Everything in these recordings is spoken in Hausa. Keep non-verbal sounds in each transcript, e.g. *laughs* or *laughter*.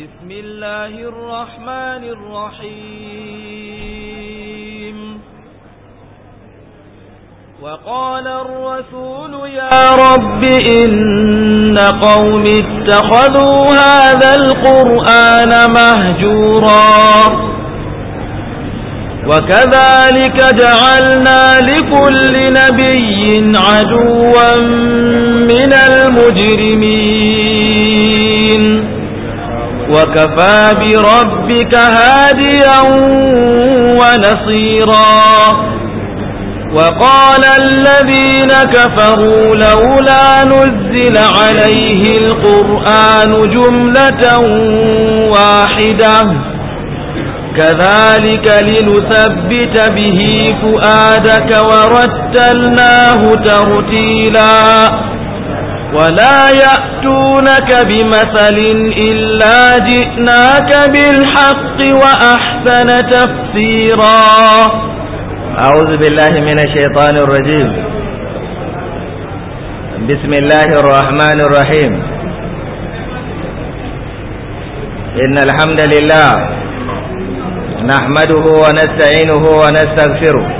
بسم الله الرحمن الرحيم وقال الرسول يا رب إن قوم اتخذوا هذا القرآن مهجورا وكذلك جعلنا لكل نبي عدوا من المجرمين وكفى بربك هاديا ونصيرا وقال الذين كفروا لولا نزل عليه القرآن جملة واحدة كذلك لنثبت به فؤادك ورتلناه ترتيلاً ولا يأتونك بمثل إلا جئناك بالحق وأحسن تفسيرا أعوذ بالله من الشيطان الرجيم بسم الله الرحمن الرحيم إن الحمد لله نحمده ونستعينه ونستغفره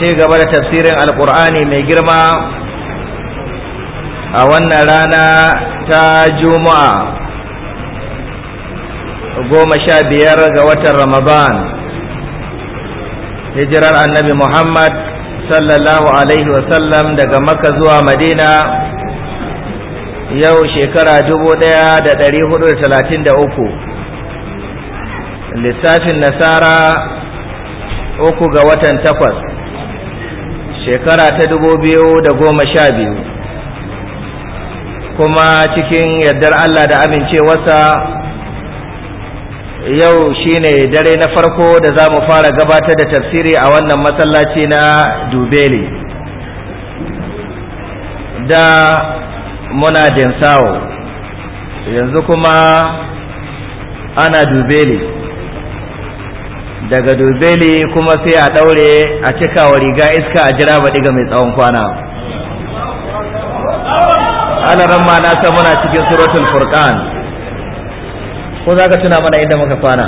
ci gaba da tafsirin alkur'ani mai girma a wannan rana ta juma'a goma sha biyar ga watan ramadan hijirar annabi muhammad sallallahu alaihi wasallam daga makka zuwa madina yau shekara dubu ɗaya da ɗari hudu da talatin da uku lissafin nasara uku ga watan takwas shekara ta dubu biyu da goma sha biyu kuma cikin yardar Allah da amincewarsa yau shine dare na farko da za mu fara gabatar da tafsiri a wannan masallaci na dubeli da muna dinsawo yanzu kuma ana dubeli daga dubeli kuma sai a ɗaure a cika wa riga iska a jira baɗi ga mai tsawon kwana alaran ma na san muna cikin suratul furqan ko za ka tuna mana inda muka kwana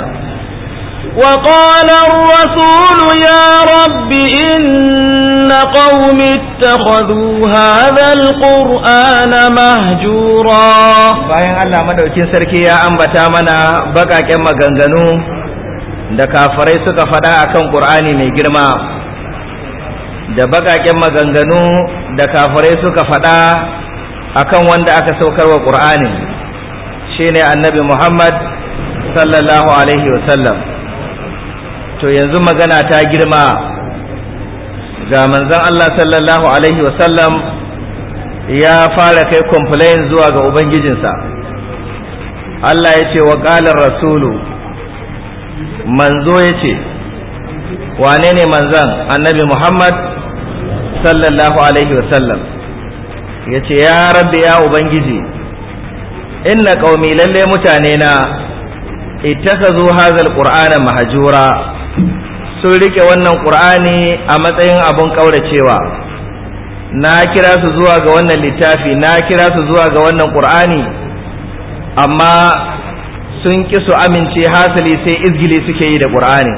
وقال الرسول يا رب إن قوم اتخذوا هذا القرآن مهجورا bayan Allah madaukin sarki ya ambata mana bakaken maganganu da kafarai suka faɗa akan ƙur'ani mai girma da baƙaƙen maganganu da kafarai suka faɗa akan wanda aka saukar wa ƙur'ani shine annabi muhammad sallallahu alaihi wasallam to yanzu magana ta girma ga manzon allah sallallahu alaihi wasallam ya fara kai complain zuwa ga ubangijinsa allah ya ce wa ƙalar rasulu manzo ya ce wane ne manzan annabi muhammad sallallahu alaihi wasallam ya ce ya rabbi ya ubangiji inna ƙaumi lalle mutane na ittakhadhu hazal qur'ana mahjura sun rike wannan qur'ani a matsayin abun kauracewa na kira su zuwa ga wannan littafi na kira su zuwa ga wannan qur'ani amma sun ki su amince hasali sai izgili suke yi da ƙur'ani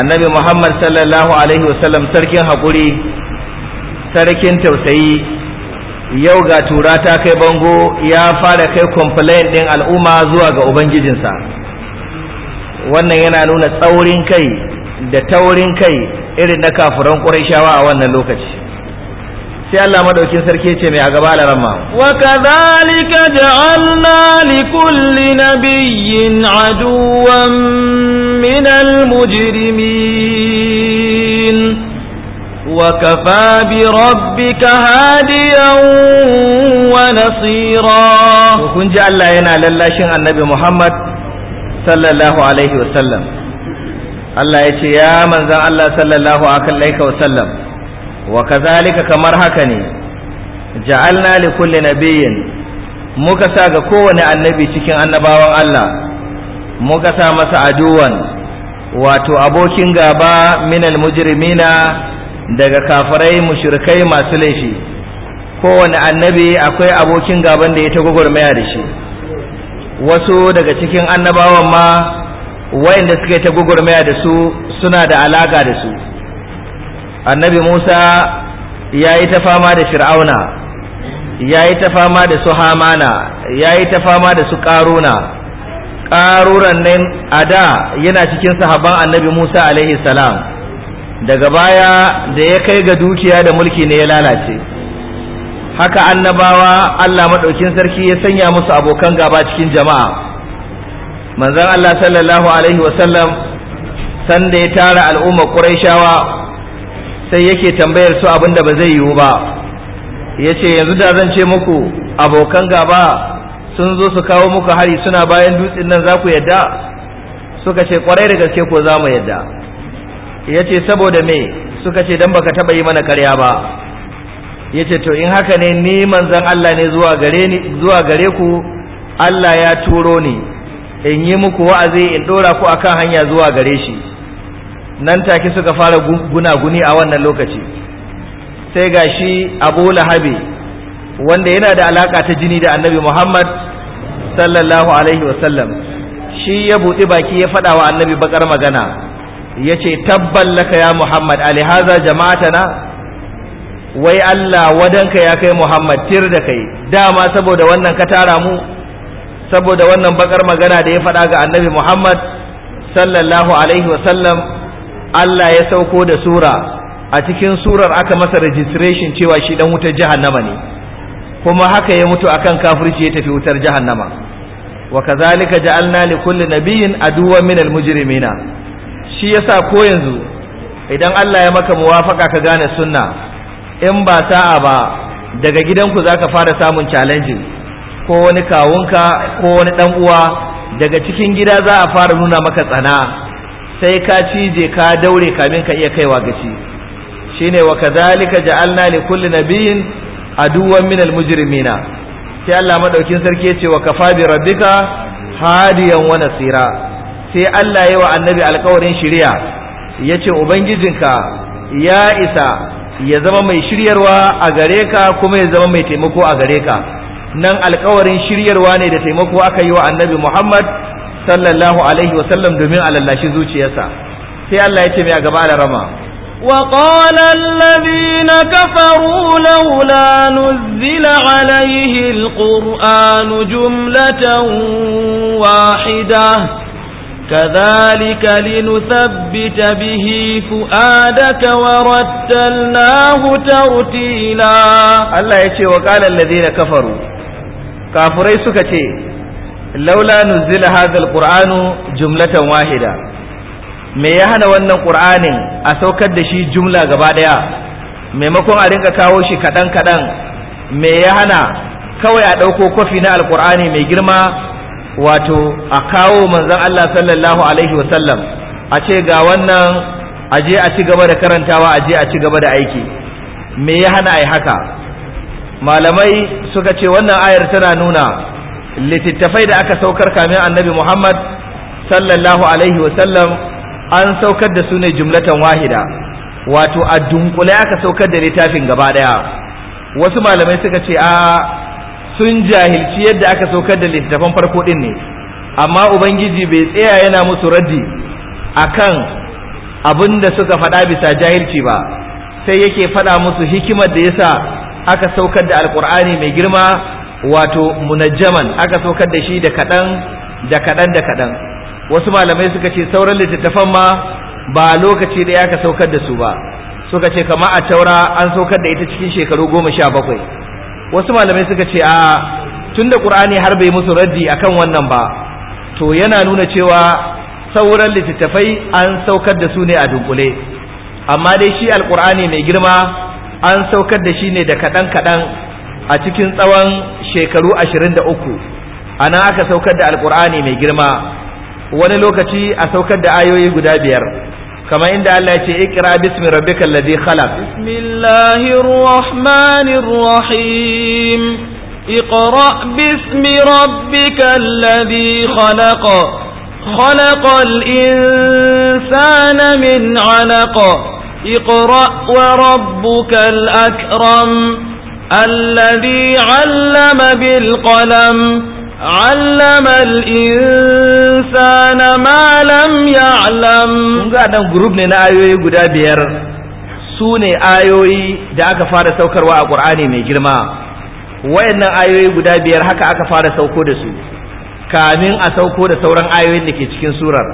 annabi muhammad sallallahu alaihi wasallam sarkin haƙuri sarkin tausayi yau ga tura ta kai bango ya fara kai complain ɗin al'umma zuwa ga ubangijinsa wannan yana nuna tsaurin kai da taurin kai irin na kafuran ƙurashawa a wannan lokaci sai Allah madaukin sarki ce mai a gaba alaran ma wa kadhalika ja'alna li kulli nabiyyin aduwan min al-mujrimin wa kafa bi rabbika hadiyan wa nasira kun ji Allah yana lallashin annabi Muhammad sallallahu alaihi wa sallam Allah ya ce ya manzan Allah sallallahu alaihi wa sallam wa kazalika kamar haka ne ja'alna li kulli nabiyyin muka sa ga kowane annabi cikin annabawan Allah muka sa masa aduwan wato abokin gaba minal mujrimina daga kafirai mushrikai masu laifi kowane annabi akwai abokin gaban da ya ta gwagwarmaya da shi wasu daga cikin annabawan ma wayanda suka yi ta gwagwarmaya da su suna da alaka da su annabi Musa ya yi ta fama da Fir'auna ya yi ta fama da su Hamana ya yi ta fama da su Ƙaruna ƙaruran nan a da yana cikin sahaban annabi Musa alaihi salam daga baya da ya kai ga dukiya da mulki ne ya lalace haka annabawa Allah maɗaukin sarki ya sanya musu abokan gaba cikin jama'a manzon Allah sallallahu alaihi wasallam sanda ya tara al'ummar Qurayshawa sai yake tambayar su abin da ba zai yiwu ba ya ce yanzu da zan ce muku abokan gaba sun zo su kawo muku hari suna bayan dutsen nan za ku yadda suka ce kwarai da gaske ko za mu yadda ya ce saboda me suka ce don baka taba yi mana karya ba ya ce to in haka ne neman manzan Allah ne zuwa gare ku Allah ya turo ne in yi muku wa'azi in ɗora ku akan hanya zuwa gare shi nan take suka fara gunaguni a wannan lokaci sai ga shi abu lahabi wanda yana da alaka ta jini da annabi muhammad sallallahu alaihi wasallam shi ya buɗi baki ya faɗa wa annabi bakar magana ya ce tabban laka ya muhammad alihaza jama'atana wai allah wadanka ya kai muhammad tir da kai dama saboda wannan ka tara mu saboda wannan bakar magana da ya faɗa ga annabi muhammad sallallahu alaihi wasallam Allah ya sauko da sura a cikin surar aka masa registration cewa shi dan wutar jahannama ne kuma haka ya mutu akan kafirci ya tafi wutar jahannama wa kazalika ja'alna li kulli nabiyyin aduwwan min al-mujrimina shi yasa ko yanzu idan Allah ya maka muwafaka ka gane sunna in ba sa'a ba daga gidanku zaka fara samun challenge ko wani kawunka ko wani dan uwa daga cikin gida za a fara nuna maka tsana sai ka cije ka daure kamin ka iya kaiwa gaci shine wa kadhalika ja'alna li kulli nabiyyin aduwwan minal mujrimina sai Allah madaukin sarki yace wa kafa bi rabbika hadiyan wa nasira sai Allah yayi wa annabi alƙawarin shiriya yace ubangijinka ya isa ya zama mai shiryarwa a gare ka kuma ya zama mai taimako a gare ka nan alƙawarin shiryarwa ne da taimako aka yi wa annabi Muhammad sallallahu alaihi wasallam domin a lallashi zuciyarsa sai Allah ya ce mai a gaba da rama وقال الذين كفروا لولا نزل عليه القرآن جملة واحدة كذلك لنثبت به فؤادك ورتلناه ترتيلا الله يشي وقال الذين كفروا كافري سكتي laula nuzila hadha alqur'anu jumlatan wahida me ya hana wannan qur'anin a saukar da shi jumla gaba daya maimakon a rinka kawo shi kadan kadan me ya hana kawai a dauko kofi na alqur'ani mai girma wato a kawo manzon Allah sallallahu alaihi wasallam a ce ga wannan a je a ci gaba da karantawa a je a ci gaba da aiki me ya hana ai haka malamai suka ce wannan ayar tana nuna littattafai da aka saukar kamin annabi Muhammad sallallahu alaihi wasallam an saukar da su ne jumlatan wahida wato a aka saukar da littafin gaba daya wasu malamai suka ce a sun jahilci yadda aka saukar da litattafan farko din ne amma ubangiji bai tsaya yana musu raddi akan abin da suka faɗa bisa jahilci ba sai yake faɗa musu hikimar da yasa aka saukar da alkur'ani mai girma wato munajjaman aka saukar da shi da kaɗan da kaɗan da kaɗan wasu malamai suka ce sauran littattafan ma ba lokaci ɗaya aka saukar da su ba suka ce kama a taura an saukar da ita cikin shekaru goma sha bakwai wasu malamai suka ce a tun da ƙur'ani har bai musu raddi akan wannan ba to yana nuna cewa sauran littattafai an saukar da su ne a dunkule amma dai shi alƙur'ani mai girma an saukar da shi ne da kaɗan kaɗan a cikin tsawon shekaru ashirin da uku ana aka saukar da alkur'ani mai girma wani lokaci a saukar da ayoyi guda biyar kamar inda Allah ya ce ikra bismi rabbikal ladhi khalaq bismillahir rahmanir rahim iqra bismi rabbikal ladhi khalaq khalaqal insana min 'alaq iqra wa rabbukal akram الذي علم بالقلم علم الإنسان ما لم يعلم ga nan group ne na ayoyi guda biyar su ne ayoyi da aka fara saukarwa a Qur'ani mai girma wayannan ayoyi guda biyar haka aka fara sauko da su kamin a sauko da sauran ayoyin da ke cikin surar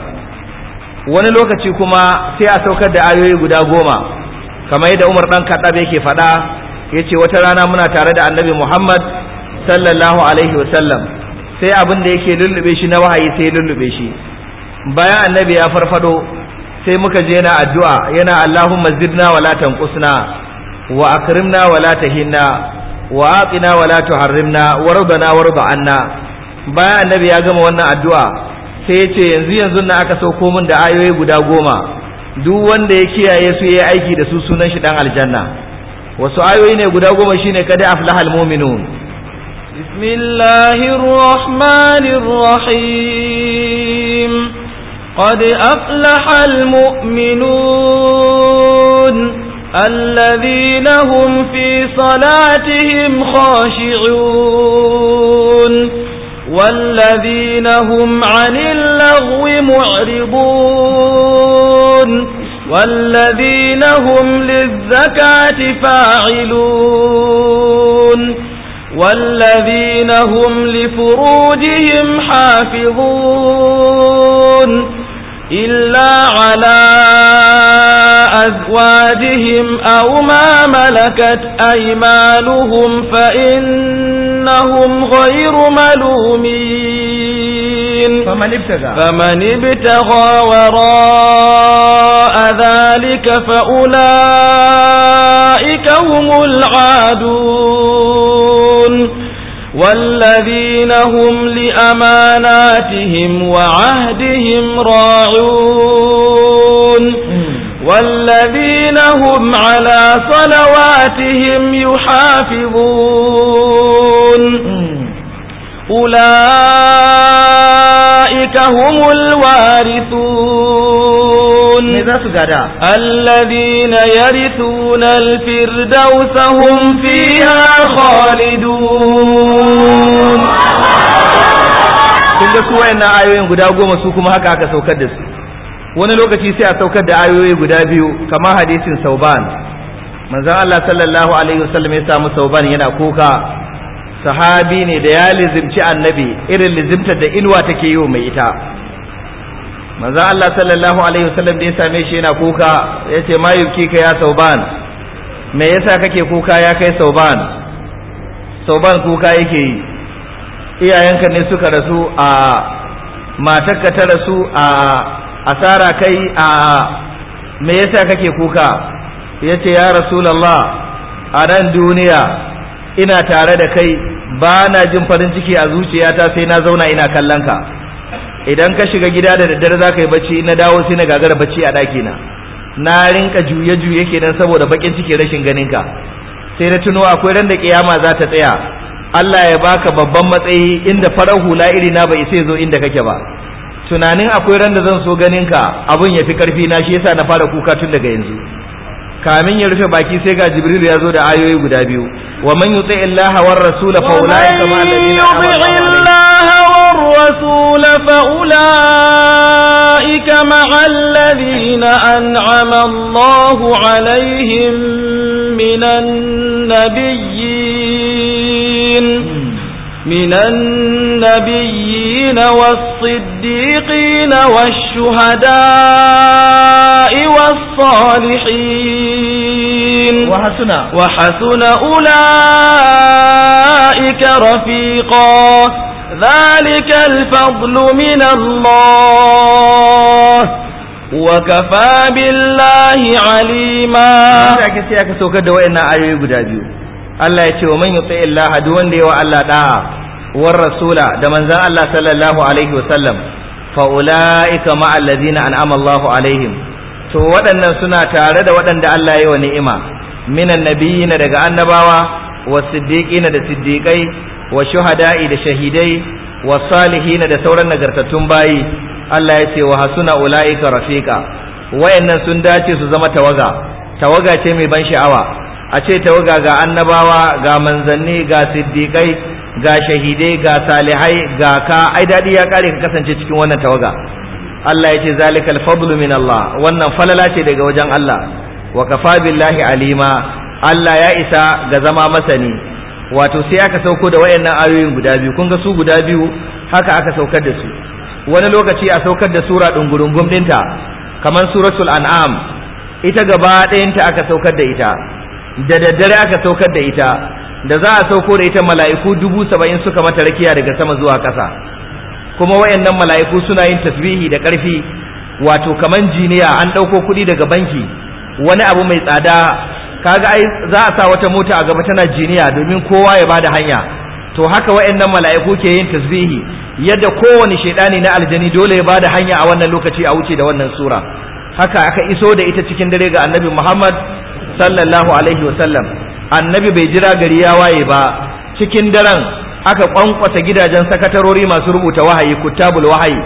wani lokaci kuma sai a saukar da ayoyi guda goma kamar yadda Umar dan Khattab yake faɗa Ya ce wata rana muna tare da annabi Muhammad sallallahu alaihi wasallam sai abin da yake lullube shi na wahayi sai ya lullube shi bayan annabi ya farfado sai muka je yana addu'a yana Allahumma zidna wala tanqusna wa akrimna wala tahinna wa atina wala tuharrimna warbana warba anna bayan annabi ya gama wannan addu'a sai ya ce yanzu yanzu na aka sauko min da ayoyi guda goma duk wanda ya kiyaye su yayi aiki da su sunan shi dan aljanna wasu ayoyi ne guda goma shine kada aflahal mu'minun bismillahir rahmanir rahim qad aflahal mu'minun alladhina hum fi salatihim khashi'un والذين هم عن اللغو معرضون والذين هم للزكاة فاعلون والذين هم لفروجهم حافظون إلا على أزواجهم أو ما ملكت أيمانهم فإنهم غير ملومين الدين فمن ابتغى فمن ابتغى وراء ذلك فأولئك هم العادون والذين هم لأماناتهم وعهدهم راعون والذين هم على صلواتهم يحافظون أولئك هم الوارثون الذين يرثون الفردوس هم فيها خالدون kun ga su wayannan ayoyin guda goma su kuma haka aka saukar da su wani lokaci sai a saukar da ayoyi guda biyu kamar hadisin sauban manzon Allah sallallahu alaihi wasallam ya samu sauban yana kuka sahabi ne da ya lizimci annabi irin lizimta da inuwa take yi wa mai ita manzo Allah sallallahu alaihi wasallam da ya same shi yana kuka yace ma ka ya sauban me yasa kake kuka ya kai sauban sauban kuka yake yi iyayenka ne suka rasu a matarka ta rasu a asara kai a me yasa kake kuka yace ya rasulullah a nan duniya ina tare da kai ba na jin farin ciki a zuciyata sai na zauna ina kallon ka idan ka shiga gida da daddare za ka yi bacci na dawo sai na gagara bacci a ɗakina na rinka juye-juye kenan saboda bakin ciki rashin ganin ka sai na tuno akwai ran da kiyama za ta tsaya Allah ya baka babban matsayi inda farar hula iri na bai sai zo inda kake ba tunanin akwai ran da zan so ganin ka abun ya fi karfi na shi yasa na fara kuka tun daga yanzu kamin ya rufe baki sai ga jibril ya zo da ayoyi guda biyu wa man yuti illaha war rasul fa ulaika na alladhina والرسول فأولئك مع الذين أنعم من النبيين والصديقين والشهداء والصالحين وحسن, وحسن أولئك رفيقا ذلك الفضل من الله وكفى بالله عليما Allah ya ce wa man yuti Allah duk wanda wa Allah da'a war rasula da manzon Allah sallallahu alaihi wasallam fa ulaika ma allazina an'ama Allahu alaihim to waɗannan suna tare da waɗanda Allah ya yi wa ni'ima minan nabiyina daga annabawa wa siddiqina da siddiqai wa shuhada'i da shahidai wa salihina da sauran nagartattun bayi Allah ya ce wa hasuna ulaika rafiqa wayannan sun dace su zama tawaga tawaga ce mai ban sha'awa a ce tawaga ga annabawa ga manzanni ga siddiƙai ga shahidai ga salihai ga ka ai daɗi ya ƙare ka kasance cikin wannan tawaga Allah ya ce zalikal fadlu min Allah wannan falala ce daga wajen Allah wa kafa billahi alima Allah ya isa ga zama masani wato sai aka sauko da wayannan ayoyin guda biyu kun ga su guda biyu haka aka saukar da su wani lokaci a saukar da sura dungurungum dinta kamar suratul an'am ita gaba ɗayanta aka saukar da ita da daddare aka saukar da ita da za a sauko da ita mala'iku dubu saba'in suka mata rakiya daga sama zuwa ƙasa kuma wayannan mala'iku suna yin tasbihi da ƙarfi wato kaman jiniya an ɗauko kuɗi daga banki wani abu mai tsada kaga ai za a sa wata mota a gaba tana jiniya domin kowa ya bada hanya to haka wayannan mala'iku ke yin tasbihi yadda kowane shaidani na aljani dole ya bada hanya a wannan lokaci a wuce da wannan sura haka aka iso da ita cikin dare ga annabi Muhammad sallallahu alaihi wasallam annabi bai jira gari ya waye ba cikin daren aka kwankwasa gidajen sakatarori masu rubuta wahayi kuttabul wahayi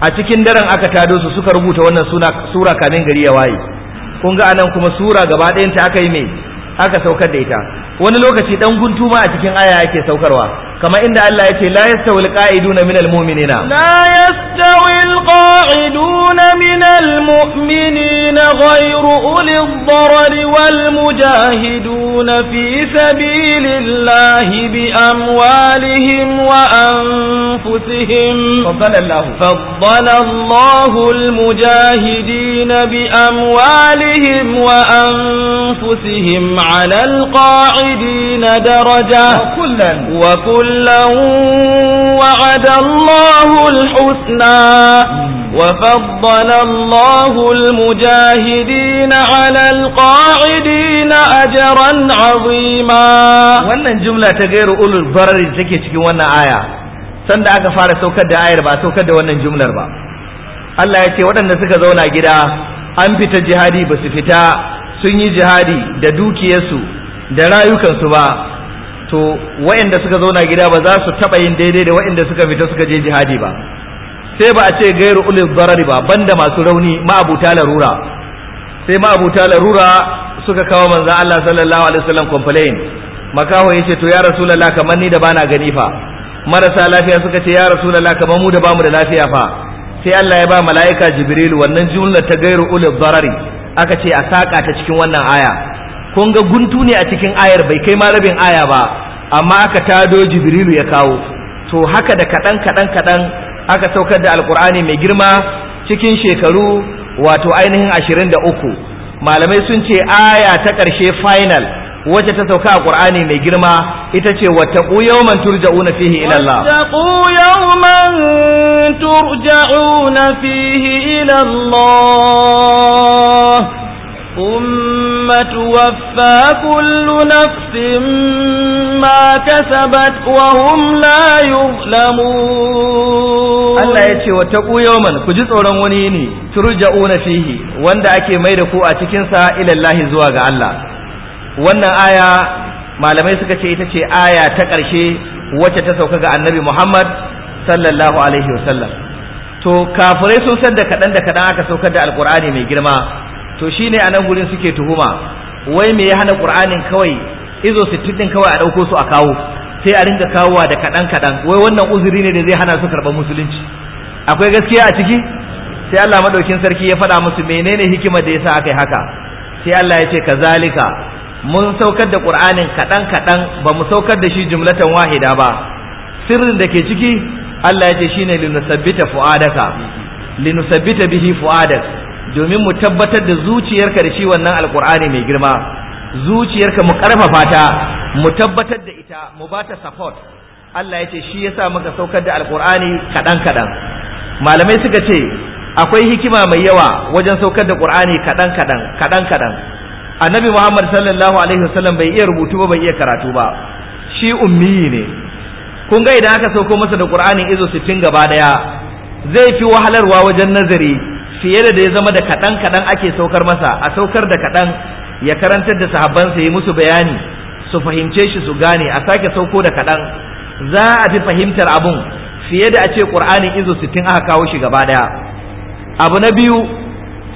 a cikin daren aka tado su suka rubuta wannan suna sura kamin gari ya waye kun ga anan kuma sura gaba ta aka yi mai aka saukar da ita wani lokaci dan guntu ma a cikin aya ake saukarwa كما إن الله يتي لا يستوي القاعدون من المؤمنين لا يستوي القاعدون من المؤمنين غير أولي الضرر والمجاهدون في سبيل الله بأموالهم وأنفسهم فضل الله فضل الله المجاهدين بأموالهم وأنفسهم على القاعدين درجة وكلا وكل كلا وعد الله الحسنى وفضل الله المجاهدين على القاعدين أجرا عظيما wannan jumla ta gairu ulul barari da take cikin wannan aya sanda aka fara saukar da ayar ba saukar da wannan jumlar ba Allah ya ce waɗanda suka zauna gida an fita jihadi ba su fita sun yi jihadi da dukiyarsu da rayukansu ba to waɗanda suka zauna gida ba za su taɓa yin daidai da waɗanda suka fita suka je jihadi ba sai ba a ce gairu ulil zarari ba banda masu rauni ma'abuta larura sai ma'abuta larura suka kawo manzo Allah sallallahu alaihi wasallam complain makaho yace to ya rasulullah kamar ni da bana gani fa marasa lafiya suka ce ya rasulullah kamar mu da bamu da lafiya fa sai Allah ya ba mala'ika jibril wannan jumla ta gairu ulil zarari aka ce a saka ta cikin wannan aya kun ga guntu ne a cikin ayar bai kai ma rabin aya ba amma aka tado jibrilu ya kawo to haka da kaɗan kaɗan kaɗan aka saukar da alkur'ani mai girma cikin shekaru wato ainihin ashirin da uku malamai sun ce aya ta ƙarshe final wacce ta sauka a ƙur'ani mai girma ita ce wata yawman turja'una fihi ila Allah yawman turja'una fihi ila Allah ثم توفى كل نفس ما كسبت وهم لا يظلمون Allah ya ce wa كجي ku ji tsoron wani ne اكي fihi wanda ake mai ku a cikin sa ilallahi zuwa ga Allah wannan aya malamai suka ce ita ce aya ta ƙarshe wacce ta sauka ga Annabi Muhammad sallallahu alaihi wasallam to kafirai sun san da kaɗan da kaɗan aka saukar da alkur'ani mai girma to shine a nan gurin suke tuhuma wai me ya hana qur'anin kawai izo sittin ɗin kawai a dauko su a kawo sai a ringa kawowa da kadan kadan wai wannan uzuri ne da zai hana su karɓar musulunci akwai gaskiya a ciki sai Allah madaukin sarki ya faɗa musu menene hikimar da yasa aka yi haka sai Allah ya ce kazalika mun saukar da qur'anin kadan kadan ba mu saukar da shi jumlatan wahida ba sirrin da ke ciki Allah ya ce shine linusabbita fuadaka linusabbita bihi fuadaka domin mu tabbatar da zuciyarka da shi wannan alkur'ani mai girma zuciyarka mu karfafa ta mu tabbatar da ita mu ba ta support Allah ya ce shi yasa muka saukar da alkur'ani kaɗan kaɗan malamai suka ce akwai hikima mai yawa wajen saukar da qur'ani kaɗan kaɗan kaɗan kaɗan annabi muhammad sallallahu alaihi wasallam bai iya rubutu ba bai iya karatu ba shi ummi ne kun ga idan aka sauko masa da qur'ani izo 60 gaba daya zai fi wahalarwa wajen nazari fiye da da ya zama da kaɗan kaɗan ake saukar masa a saukar da kaɗan ya karantar da sahabbansa ya musu bayani su fahimce shi su gane a sake sauko da kaɗan za a fi fahimtar abun fiye da a ce ƙur'anin izo sittin aka kawo shi gaba ɗaya abu na biyu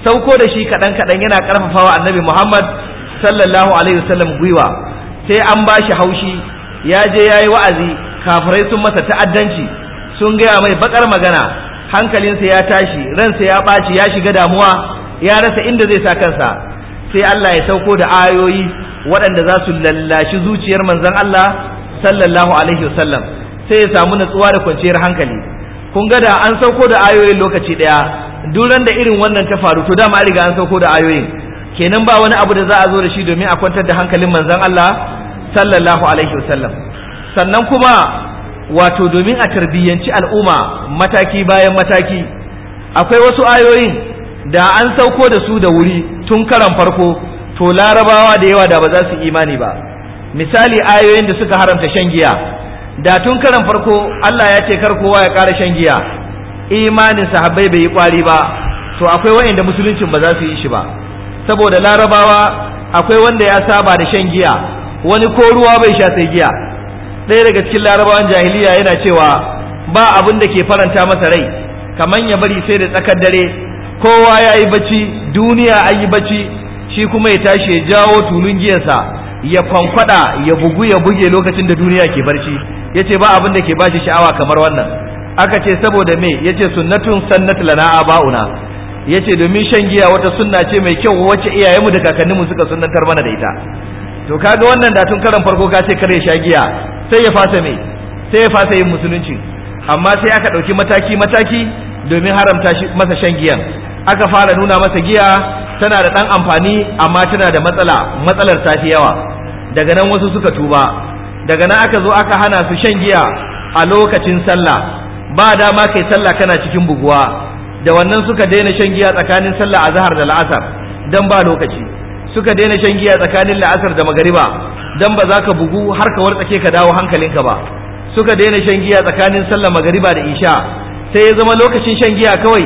sauko da shi kaɗan kaɗan yana ƙarfafawa annabi muhammad sallallahu alaihi wasallam gwiwa sai an ba shi haushi ya je ya yi wa'azi kafirai sun masa ta'addanci sun gaya mai baƙar magana hankalinsa ya tashi ransa ya ɓaci ya shiga damuwa ya rasa inda zai sa kansa sai Allah ya sauko da ayoyi waɗanda za su lallashi zuciyar manzon Allah sallallahu alaihi wasallam sai ya samu natsuwa da kwanciyar hankali kun ga da an sauko da ayoyin lokaci ɗaya duran da irin wannan ta faru to dama riga an sauko da ayoyin kenan ba wani abu da za a zo da shi domin a kwantar da hankalin manzon Allah sallallahu alaihi wasallam sannan kuma wato domin a tarbiyyanci al'umma mataki bayan mataki akwai wasu ayoyin da an sauko da su da wuri tun karan farko to larabawa da yawa da ba za su imani ba misali ayoyin da suka haramta shan giya da tun karan farko Allah ya ce kar kowa ya ƙara shan giya imanin sahabbai bai yi ƙwari ba to akwai wa'inda musuluncin ba za su yi shi ba saboda larabawa akwai wanda ya saba da shan giya wani ko ruwa bai sha sai giya ɗaya daga cikin larabawan jahiliya yana cewa ba abin da ke faranta masa rai kamar ya bari sai da tsakar dare kowa ya yi bacci duniya an yi bacci shi kuma ya tashi ya jawo tulun giyarsa ya kwankwada ya bugu ya buge lokacin da duniya ke barci ya ce ba abin da ke bashi sha'awa kamar wannan aka ce saboda me ya ce sunnatun sannat lana aba'una ya ce domin shan giya wata sunna ce mai kyau wacce iyayenmu da kakanninmu suka sunnantar mana da ita to kaga wannan da tun karan farko ka ce ya sha giya sai ya fasa mai sai ya fasa yin musulunci amma sai aka ɗauki mataki mataki domin haramta masa shan giyan aka fara nuna masa giya tana da ɗan amfani amma tana da matsala matsalar ta fi yawa daga nan wasu suka tuba daga nan aka zo aka hana su shan giya a lokacin sallah ba dama kai sallah kana cikin buguwa da wannan suka daina shan giya tsakanin sallah a azhar da la'asar dan ba lokaci suka daina shan giya tsakanin la'asar da magariba dan ba za ka bugu har ka wartsake ka dawo hankalinka ba suka daina shan giya tsakanin sallar magariba da isha sai ya zama lokacin shan giya kawai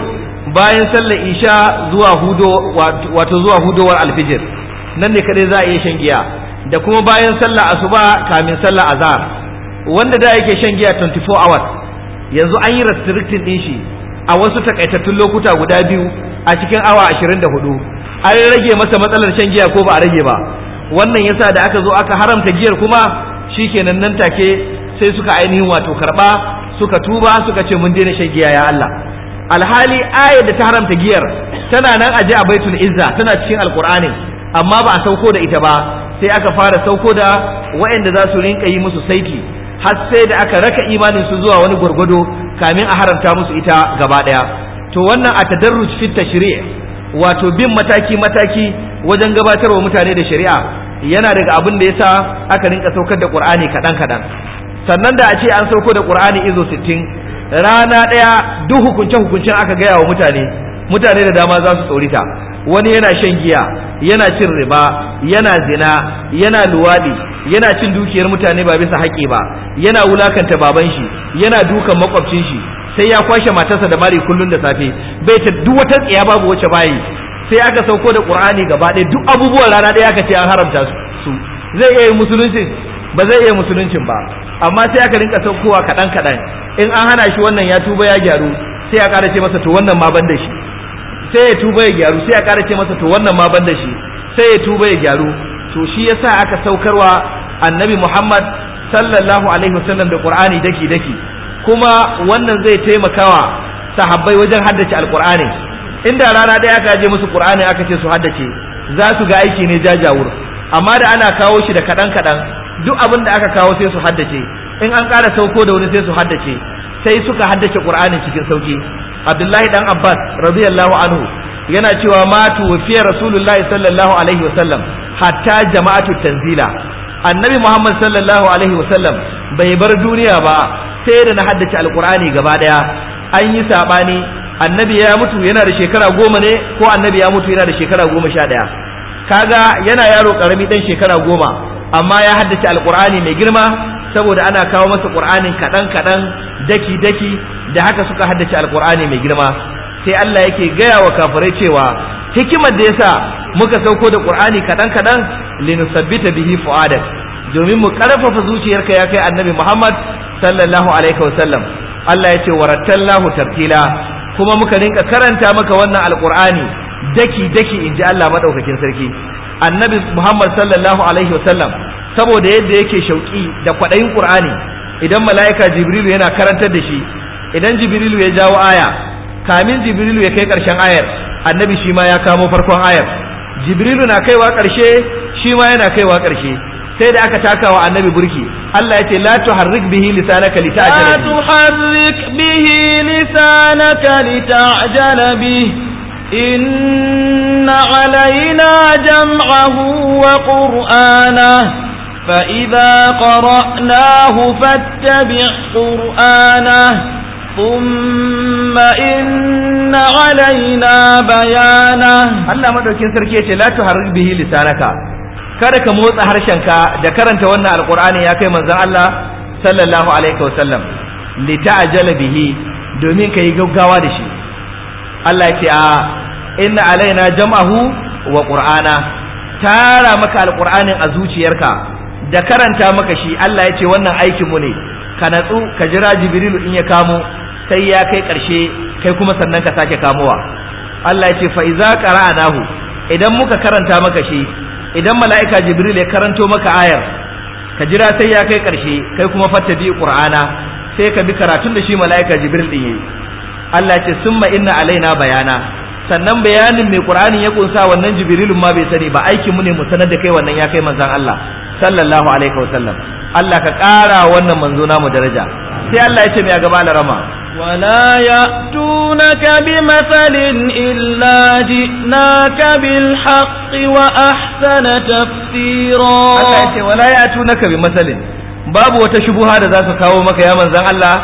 bayan sallar isha zuwa hudo wato zuwa hudowar alfijir nan ne kadai za a iya shan giya da kuma bayan sallar asuba kamin sallar azhar wanda da yake shan giya 24 hours yanzu an yi restricting din shi a wasu takaitattun lokuta guda biyu a cikin awa 24 an rage masa matsalar shan giya ko ba a rage ba wannan yasa da aka zo aka haramta giyar kuma shi shikenan nan take sai suka ainihin wato karɓa suka tuba suka ce mun daina shan giya ya Allah alhali ayar da ta haramta giyar tana nan a aje a baitul izza tana cikin alqur'ani amma ba a sauko da ita ba sai aka fara sauko da waɗanda za su rinka yi musu saiti har sai da aka raka imanin su zuwa wani gwargwado kamin a haramta musu ita gaba daya to wannan a tadarruj fit tashri' wato bin mataki mataki wajen gabatarwa mutane da shari'a yana daga abin da yasa aka rinka saukar da Qur'ani kadan kadan sannan da a ce an sauko da Qur'ani izo 60 rana daya duk hukunce hukuncen aka gaya wa mutane mutane da dama za su tsorita wani yana shan giya yana cin riba yana zina yana luwadi yana cin dukiyar mutane ba bisa haƙƙi ba yana wulakanta baban shi yana dukan makwabcin shi sai ya kwashe matarsa da mari kullun da safe bai ta duk wata tsiya babu wacce bayi sai aka sauko da qur'ani gaba ɗaya duk abubuwan rana ɗaya aka ce an haramta su zai iya yin musuluncin ba zai iya musuluncin ba amma sai aka rinka saukowa kaɗan kaɗan in an hana shi wannan ya tuba ya gyaru sai a ƙara ce masa to wannan ma ban da shi sai ya tuba ya gyaru sai a ƙara ce masa to wannan ma ban da shi sai ya tuba ya gyaru to shi yasa aka saukarwa annabi Muhammad sallallahu alaihi wasallam da Qur'ani daki daki kuma wannan zai taimakawa sahabbai wajen haddace alqur'ani inda rana ɗaya aka je musu qur'ani aka ce su haddace za su ga aiki ne jajawur amma da ana kawo shi da kaɗan kaɗan duk abin da aka kawo sai su haddace in an ƙara sauko da wani sai su haddace sai suka haddace qur'ani cikin sauki abdullahi dan abbas radiyallahu anhu yana cewa ma tuwfiya rasulullahi sallallahu alaihi wasallam hatta jama'atu tanzila annabi muhammad sallallahu alaihi wasallam bai bar duniya ba sai da na haddace alqur'ani gaba daya an yi sabani annabi ya mutu yana da shekara goma ne ko annabi ya mutu yana da shekara goma sha ɗaya kaga yana yaro karami dan shekara goma amma ya haddace alqur'ani mai girma saboda ana kawo masa qur'anin kaɗan kaɗan daki daki da haka suka haddace alqur'ani mai girma sai Allah yake gaya wa kafirai cewa hikimar da yasa muka sauko da ƙur'ani kaɗan kaɗan linusabbita bihi fu'adat, domin mu ƙarfafa zuciyarka ya kai annabi Muhammad sallallahu alaihi wasallam Allah ya ce warattallahu tartila kuma muka rinka karanta maka wannan alqur'ani daki daki inji Allah madaukakin sarki annabi Muhammad sallallahu alaihi wasallam saboda yadda yake shauki da kwadayin qur'ani idan mala'ika jibrilu yana karantar da shi idan jibrilu ya jawo aya kamin jibrilu ya kai karshen ayar annabi shi ma ya kamo farkon ayar jibrilu na kaiwa karshe shi ma yana kaiwa karshe sai da aka taka wa annabi burki Allah ya ce la tuharrik bihi lisanaka lita'jala la tuharrik bihi lisanaka lita'jala bihi inna alaina jam'ahu wa qur'ana فإذا قرأناه فاتبع قرآنه ثم إن علينا بيانه الله ما دوكين سركي لا تحرك به لسانك kada ka motsa harshenka da karanta wannan alqur'ani ya kai manzon Allah sallallahu alaihi wasallam li ta'jala bihi domin ka gaggawa da shi Allah ya ce a inna alaina jam'ahu wa qur'ana tara maka alkur'anin a zuciyarka da karanta maka shi Allah ya ce wannan aikin mu ne ka natsu ka jira jibrilu in ya kamo sai ya kai karshe kai kuma sannan ka sake kamowa Allah ya ce fa iza qara'nahu idan muka karanta maka shi idan mala'ika jibril ya karanto maka ayar ka jira sai ya kai karshe kai kuma biyu ƙur'ana, sai ka bi karatun da shi mala'ika jibril din yayi Allah ce summa inna alaina bayana sannan bayanin mai ƙuranin ya ƙunsa wannan jibrilun ma bai sani ba aikin mu ne mu sanar da kai wannan ya kai manzan Allah sallallahu alaihi sallam Allah ka ƙara wannan manzo mu daraja sai Allah ya ce mai a gaba larama wala tuna ka bi masalin illa ji na ka haƙƙi wa ahsana tafsira Allah ya ce wala tuna ka bi masalin babu wata shubuha da za su kawo maka ya manzan Allah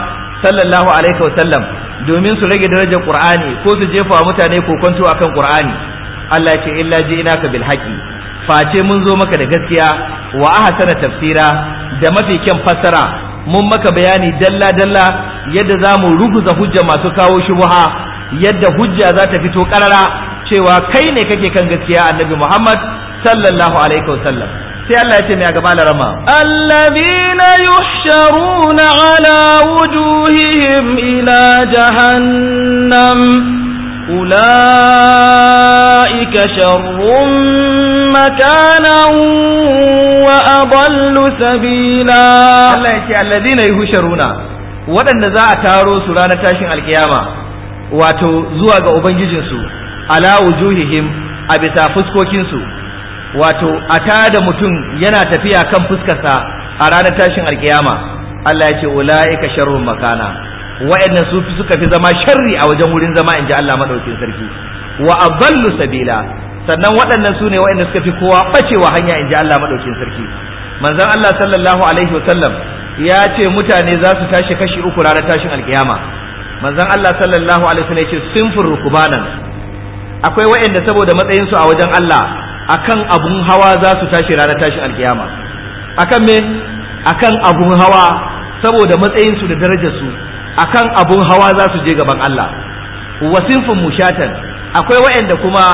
sallallahu alaihi wa sallam domin su rage darajar Qur'ani ko su jefa wa mutane kokonto akan Qur'ani Allah ya ce illa ji ina ka haƙƙi face mun zo maka da gaskiya wa ahsana tafsira da mafi kyan fassara mun maka bayani dalla dalla yadda za mu ruguza hujja masu kawo shubha yadda hujja za ta fito karara cewa kai ne kake kan gaskiya annabi Muhammad sallallahu alaihi wasallam sai Allah ya ce mai a gaba larama allazina yuhsharuna ala wujuhihim ila jahannam أولئك شر مكانا وأضل سبيلا الله يكي الذين يهشرون waɗanda za a taro su ranar tashin alkiyama wato zuwa ga ubangijinsu ala wujuhihim a bisa fuskokinsu wato a tada mutum yana tafiya kan fuskarsa a ranar tashin alkiyama Allah ya ce ula'ika sharrun makana wa'annan su suka fi zama sharri a wajen wurin zama in ji Allah madaukin sarki wa adallu sabila sannan waɗannan su ne wa'anda suka fi kowa bacewa hanya in ji Allah madaukin sarki manzon Allah sallallahu alaihi wasallam ya ce mutane za su tashi kashi uku ranar tashin alkiyama manzon Allah sallallahu alaihi wasallam ya ce sinfur rukubanan akwai wa'anda saboda matsayin su a wajen Allah akan abun hawa za su tashi ranar tashin alkiyama akan me akan abun hawa saboda matsayin su da darajar su akan abun hawa za su je gaban Allah wasinfin mushatan akwai wa'anda kuma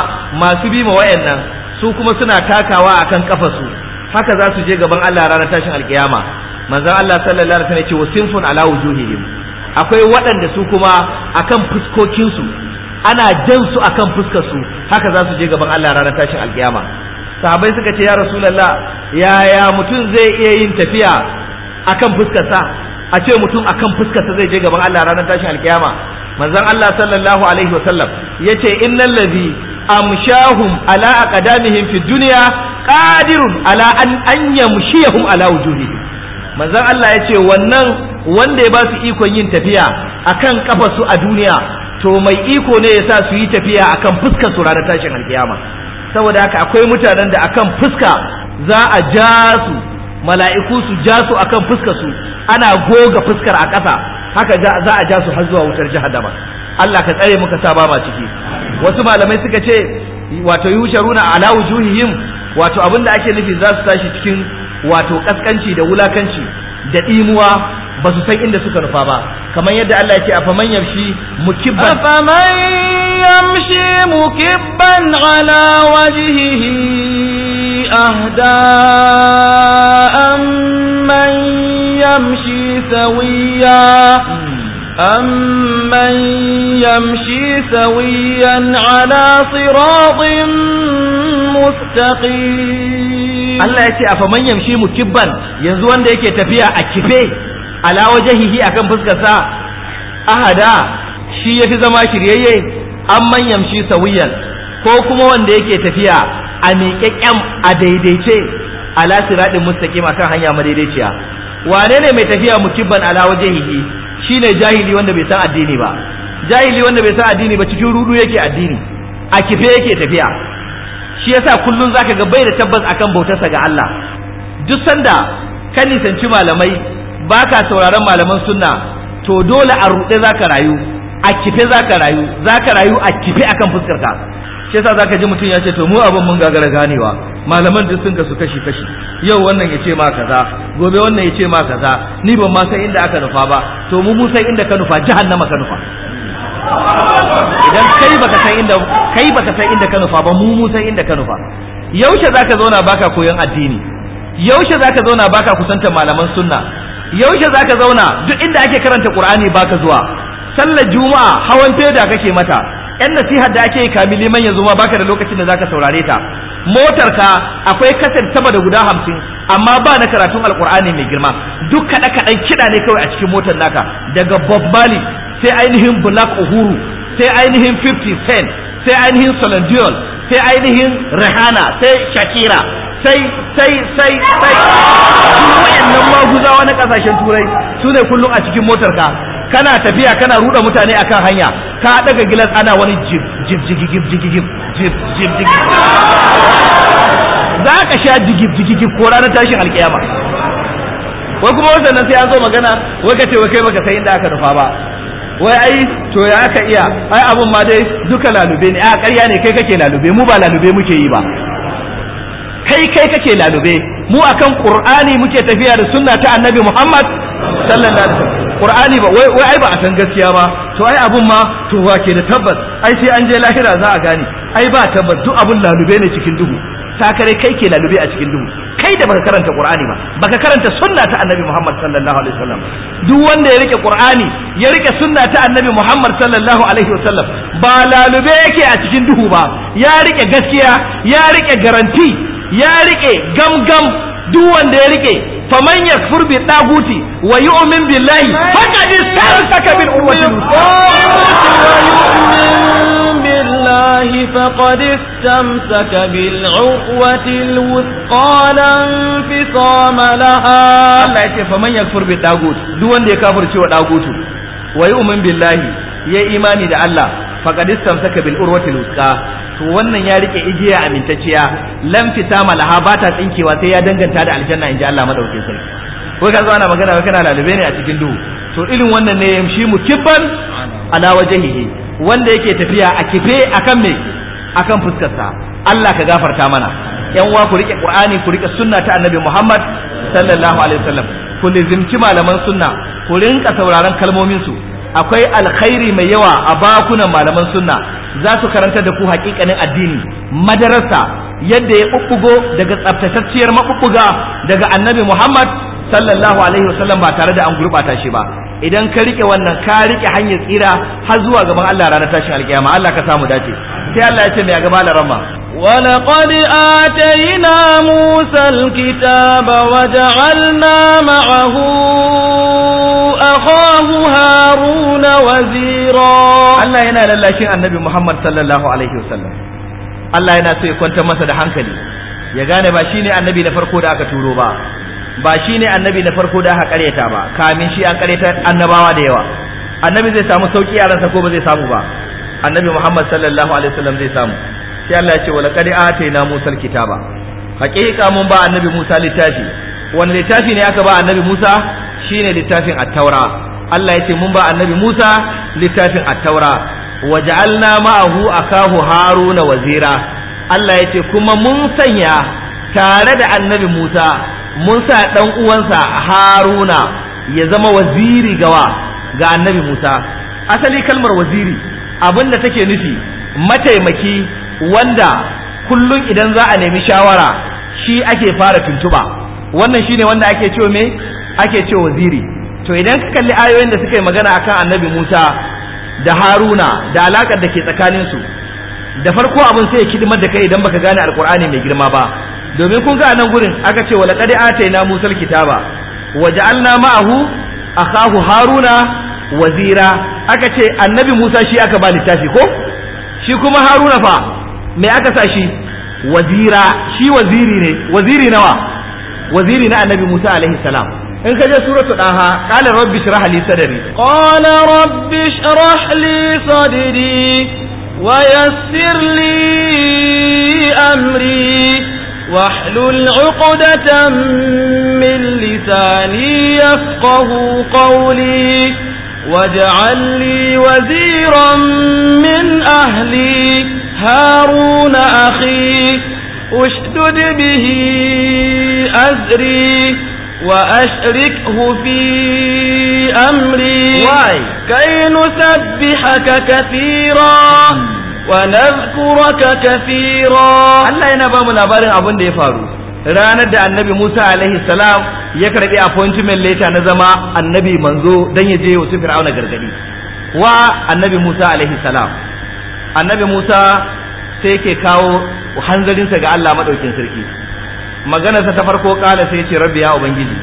masu bima wa'annan su kuma suna takawa akan kafasu haka za su je gaban Allah ranar tashin alkiyama manzon Allah sallallahu alaihi wasallam ce wasifun ala wujuhihim akwai waɗanda su kuma akan fuskokinsu ana jan su akan su haka za su je gaban Allah ranar tashin alkiyama sahabai suka ce ya rasulullah yaya mutum zai iya yin tafiya akan fuskar sa a ce mutum akan fuskarsa zai je gaban Allah ranar tashin alkiyama manzon Allah sallallahu alaihi wa sallam yace innal ladhi amshahum ala aqdamihim fi dunya qadirun ala an an ala wujuhihim manzon Allah yace wannan wanda ya ba su ikon yin tafiya akan kafa su a duniya to mai iko ne ya sa su yi tafiya akan fuskar su ranar tashin alkiyama saboda haka akwai mutanen da akan fuska za a ja su mala'iku su ja su akan fuskar su ana goga fuskar a ƙasa haka za a ja su har zuwa wutar jahannama Allah ka tsare muka sa ba ciki wasu malamai suka ce wato yusharuna ala wujuhihim wato abin ake nufi za su tashi cikin wato kaskanci da wulakanci da dimuwa ba su san inda suka nufa ba kamar yadda Allah yake ce afaman yamshi mukibban afaman yamshi mukibban ala wajhihi ahda يمشي سويا أمن يمشي سويا على صراط مستقيم الله يتي أفمن يمشي مكبا ينزوان ديك تفيا أكفي على وجهه أكم بسكسا أهدا شي يفي زما شريي أمن يمشي سويا ko kuma wanda yake tafiya a miƙaƙƙen a daidaice ala siratin mustaqim akan hanya madaidaiciya wane ne mai tafiya mukibban ala wajhihi shine jahili wanda bai san addini ba jahili wanda bai san addini ba cikin rudu yake addini a kife yake tafiya shi yasa kullun zaka ga bai da tabbas akan bautarsa ga Allah duk sanda ka nisanci malamai baka sauraron malaman sunna to dole a rude zaka rayu a kife zaka rayu zaka rayu a kife akan fuskar ka shi yasa zaka ji mutum ya ce to mu abin mun gagara ganewa malaman duk sun kasu kashi kashi yau wannan ya ce ma kaza gobe wannan ya ce ma kaza ni ban ma san inda aka nufa ba to mu mun san inda ka nufa jahannama ka nufa idan kai baka san inda kai baka san inda ka nufa ba mu mu san inda ka nufa yaushe zaka zauna baka koyon addini yaushe zaka zauna baka kusantar malaman sunna yaushe zaka zauna duk inda ake karanta qur'ani baka zuwa sallar juma'a hawan feda kake mata yan nasihar da ake yi kami liman yanzu ma baka da lokacin da zaka saurare ta motar ka akwai kasar sama da guda hamsin amma ba na karatun alkur'ani mai girma duk kaɗa kaɗan kiɗa ne kawai a cikin motar naka daga bob marley sai ainihin black uhuru sai ainihin 50 cent sai ainihin solon sai ainihin rihanna sai shakira sai sai sai sai wayannan maguzawa na kasashen turai su ne kullum a cikin motar ka kana tafiya kana ruɗa mutane akan hanya ka daga gilas ana wani jib jib jib jib jib jib jib jib jib za ka sha jigib jib ko ranar tashin alkiyama wai kuma wannan sai an zo magana wai jib jib wai kai baka jib inda aka rufa ba wai ai to ya jib iya ai abun ma dai duka lalube ne a ƙarya ne kai kake lalube mu ba lalube muke yi ba kai kai kake lalube mu akan qur'ani muke tafiya da sunna ta annabi muhammad sallallahu alaihi wasallam qur'ani ba wai ba a san gaskiya ba to ai abun ma to ke da tabbas ai sai an je lahira za a gane ai ba tabbas duk abun lalube ne cikin duhu sakare kai ke lalube a cikin duhu kai da baka karanta qur'ani ba baka karanta sunna ta annabi muhammad sallallahu alaihi wasallam duk wanda ya rike qur'ani ya rike sunna ta annabi muhammad sallallahu alaihi wasallam ba lalube yake a cikin duhu ba ya rike gaskiya ya rike garanti ya rike gamgam duk wanda ya rike faman yakfur bi taguti wa yu'min billahi faqad istamsaka bil urwati wa billahi laha Allah faman yakfur bi tagut duwan ya kafirce wa tagutu wa yu'min billahi ya imani da Allah faqad istamsaka bil urwati lusqa to wannan ya rike igiya amintacciya lam fitama laha ba ta tsinkewa sai ya danganta da aljanna in ji Allah madaukin sai. ko ka zo ana magana ba kana lalube ne a cikin duhu to irin wannan ne yamshi kibban ala wajhihi wanda yake tafiya a kife akan me akan fuskarsa Allah ka gafarta mana yan uwa ku rike qur'ani ku rike sunna ta annabi Muhammad sallallahu alaihi wasallam ku lizimci malaman sunna ku rinka sauraron kalmomin su akwai alkhairi mai yawa a bakunan malaman sunna za su karanta da ku hakikanin addini madarasa yadda ya bubbugo daga tsaftatacciyar mabubbuga daga annabi Muhammad sallallahu alaihi wasallam ba tare da an gurbata shi ba idan ka rike wannan ka rike hanyar tsira har zuwa gaban Allah ranar tashin alkiyama Allah ka samu dace sai Allah ya ce mai gaba da ramma atayna آتينا موسى wa ja'alna ma'ahu أخاه هارون وزيرا الله ينا لله النبي محمد صلى الله عليه وسلم الله ينا سيكون تمسد حنكلي ya gane ba shine annabi na farko da aka turo ba ba shine annabi na farko da aka kareta ba kamin shi an kareta annabawa da yawa annabi zai samu sauki a ransa ko ba zai samu ba annabi Muhammad sallallahu alaihi wasallam zai samu sai Allah ya ce wala qad atayna Musa alkitaba ba annabi Musa littafi wani littafi ne aka ba annabi Musa shine littafin at-taura Allah ya ce mun ba annabi Musa littafin at-taura waja'alna ma'ahu akahu haruna wazira Allah ya ce kuma mun sanya tare da annabi Musa mun sa dan uwansa haruna ya zama waziri gawa ga annabi Musa asali kalmar waziri abin da take nufi mataimaki wanda kullum idan za a nemi shawara shi ake fara tuntuba wannan shine wanda ake cewa me ake ce waziri to idan ka kalli ayoyin da suka yi magana akan annabi Musa da Haruna da alakar da ke tsakanin su da farko abun sai ya kidimar da kai idan baka gane alkur'ani mai girma ba domin kun ga nan gurin aka ce wala qad na Musa kitaba wa ma'ahu akahu haruna wazira aka ce annabi musa shi aka ba littafi ko shi kuma haruna fa me aka sa shi wazira shi waziri ne waziri nawa waziri na annabi musa alaihi salam in ka je suratu daha qala rabbi shrah li sadri qala rabbi shrah li sadri wa yassir li amri واحلل عقدة من لساني يفقه قولي واجعل لي وزيرا من أهلي هارون أخي اشدد به أزري وأشركه في أمري Why? كي نسبحك كثيرا ونذكرك كثيرا الله ينبام لبارن أبن دي فارو ranar da annabi Musa alaihi salam ya karbi appointment later na zama annabi manzo dan ya je wa fir'auna gargadi wa annabi Musa alaihi salam annabi Musa sai ke kawo hanzarinsa ga Allah madaukin sarki maganarsa ta farko kala sai ce rabbi ya ubangiji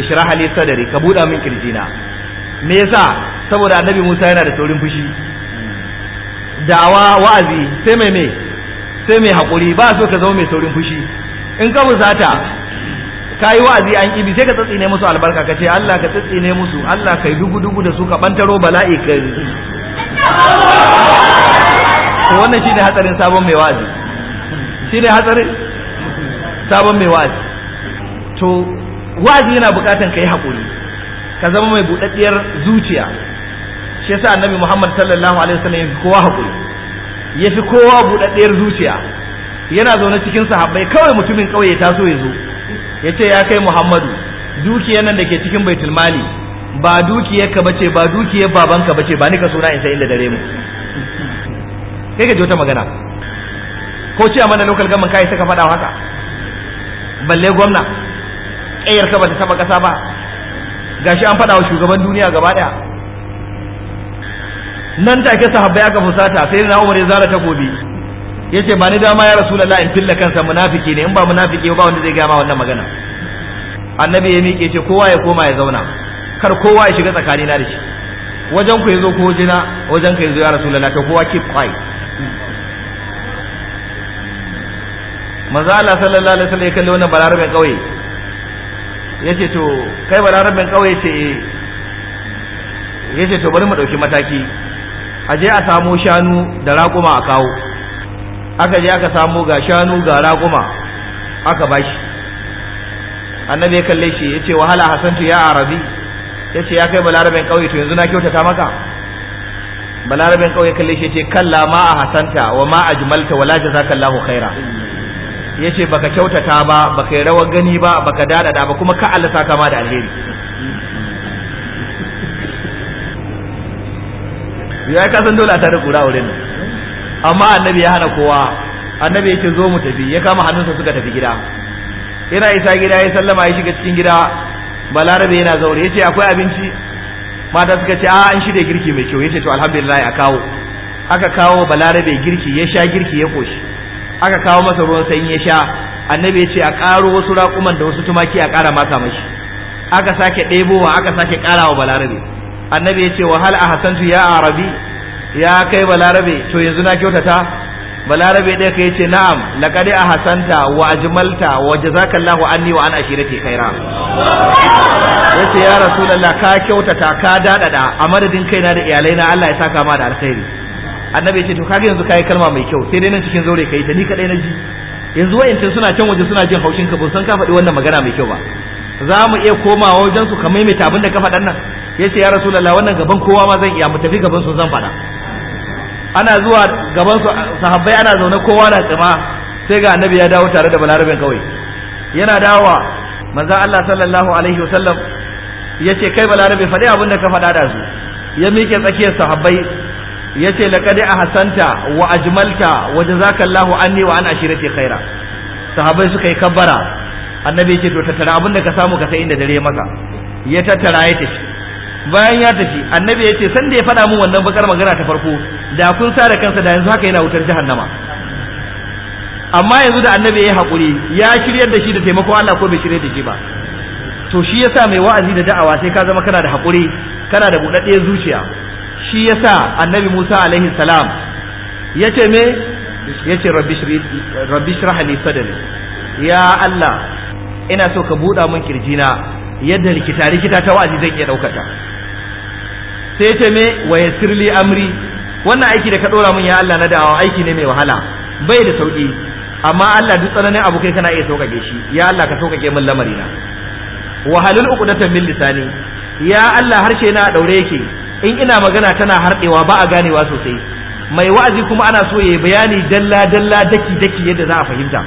ishrah li sadri ka buda min kirjina me yasa saboda annabi Musa yana da saurin fushi dawa wa'azi sai mai me sai mai hakuri ba so ka zama mai saurin fushi in ka buzata ka yi wa'azi an kibi sai ka tsatsine musu albarka ka ce Allah ka tsatsine musu Allah kai dugu dugu da su ka bantaro bala'i ka to wannan shine hatsarin sabon mai wa'azi shine hatsarin sabon mai wa'azi to wa'azi yana bukatan ka yi haƙuri ka zama mai buɗaɗɗiyar zuciya shi yasa annabi muhammad sallallahu alaihi wasallam ya fi kowa haƙuri ya fi kowa buɗaɗɗiyar zuciya yana zaune cikin sahabbai kawai mutumin ƙauye ta so ya zo ya ce ya kai muhammadu dukiyar nan da ke cikin baitul mali ba dukiyar ka bace ba dukiyar babanka bace ba ni ka suna in sai inda dare mu kai ka ji wata magana ko ce mana local government kai saka faɗa haka balle gwamna ƙayar ka bata taba ƙasa ba gashi an faɗa wa shugaban duniya gaba ɗaya nan take sahabbai aka fusata sai na umar ya zara ta gobe. ya ce ba ni dama ya rasu rasulullah in filla kansa munafiki ne in ba munafiki ba wanda zai gama wannan magana annabi ya miƙe ce kowa ya koma ya zauna kar kowa ya shiga na da shi wajen ku ya zo ko jina wajen ka ya zo ya rasulullah ta kowa keep quiet manzo Allah sallallahu alaihi wasallam ya kalli wannan balarabin kauye yace to kai balarabin kauye ce eh. yace to bari mu dauki mataki a je a samo shanu da raƙuma a kawo aka je aka samo ga shanu ga raƙuma aka bashi annabi ya kalle shi yace wahala hasantu ya arabi yace ya kai balarabin kauye to yanzu na kyautata maka balarabin kauye kalle shi yace kalla ma a hasanta wa ma ajmalta wala jazakallahu khaira yace baka kyautata ba baka yi rawar gani ba baka dadada ba kuma ka Allah saka da alheri ya ka san dole a tare kura wurin amma annabi ya hana kowa annabi yace zo mu tafi ya kama hannunsa suka tafi gida yana isa gida ya sallama ya shiga cikin gida balarabe yana zaure ce akwai abinci mata suka ce a an shirya girki mai kyau yace to alhamdulillah a kawo aka kawo balarabe girki ya sha girki ya koshi aka kawo masa ruwan sanyi ya sha annabi ya ce a ƙaro wasu raƙuman da wasu tumaki a ƙara masa mashi aka sake ɗebowa aka sake ƙara wa balarabe annabi ya ce wa hal hasantu ya arabi ya kai balarabe to yanzu na kyautata balarabe ɗaya kai ce na'am a hasanta wa ajmalta wa jazakallahu anni wa an ashirati khaira ce ya rasu rasulullah ka kyautata ka daɗaɗa a madadin kai na da iyalai na Allah ya saka ma da alkhairi annabi ya ce to kaga yanzu kai kalma mai kyau sai dai nan cikin zaure kai ta ni kadai na ji yanzu wayancin suna can waje suna jin haushin ka san ka faɗi wannan magana mai kyau ba za mu iya komawa wajen su ka maimaita abin da ka faɗan nan yace ya rasulullah wannan gaban kowa ma zan iya mu tafi gaban su zan faɗa ana zuwa gaban su sahabbai ana zaune kowa na tsima sai ga annabi ya dawo tare da balarabin kawai yana dawowa manzo Allah sallallahu alaihi wasallam yace kai balarabe faɗi abin da ka faɗa da su ya mike tsakiyar sahabbai yace laqad ahsanta wa ajmalta wa jazakallahu anni wa an ashirati khaira sahabbai suka yi kabbara annabi yace to tattara abin da ka samu ka sai inda dare maka ya tattara ya tafi bayan ya tafi annabi yace san da ya faɗa mu wannan bakar magana ta farko da kun sa da kansa da yanzu haka yana wutar jahannama amma yanzu da annabi ya hakuri ya shiryar da shi da taimakon Allah ko bai shiryar da shi ba to shi yasa mai wa'azi da da'awa sai ka zama kana da hakuri kana da buɗaɗɗiyar zuciya shi yasa annabi Musa alaihi salam yace me yace rabbi shrah li sadri ya Allah ina so ka buɗa min kirjina yadda likita-likita ta wa'azi zan iya ɗaukata sai yace me wa ya li amri wannan aiki da ka ɗora min ya Allah na dawa aiki ne mai wahala bai da sauki amma Allah duk tsananin abu kai kana iya sauƙaƙe shi ya Allah ka sauƙaƙe min lamarina wahalul uqdatan min lisani ya Allah harshe na daure yake in ina magana tana harɗewa ba a ganewa sosai mai wa'azi kuma ana so ya bayani dalla dalla daki daki yadda za a fahimta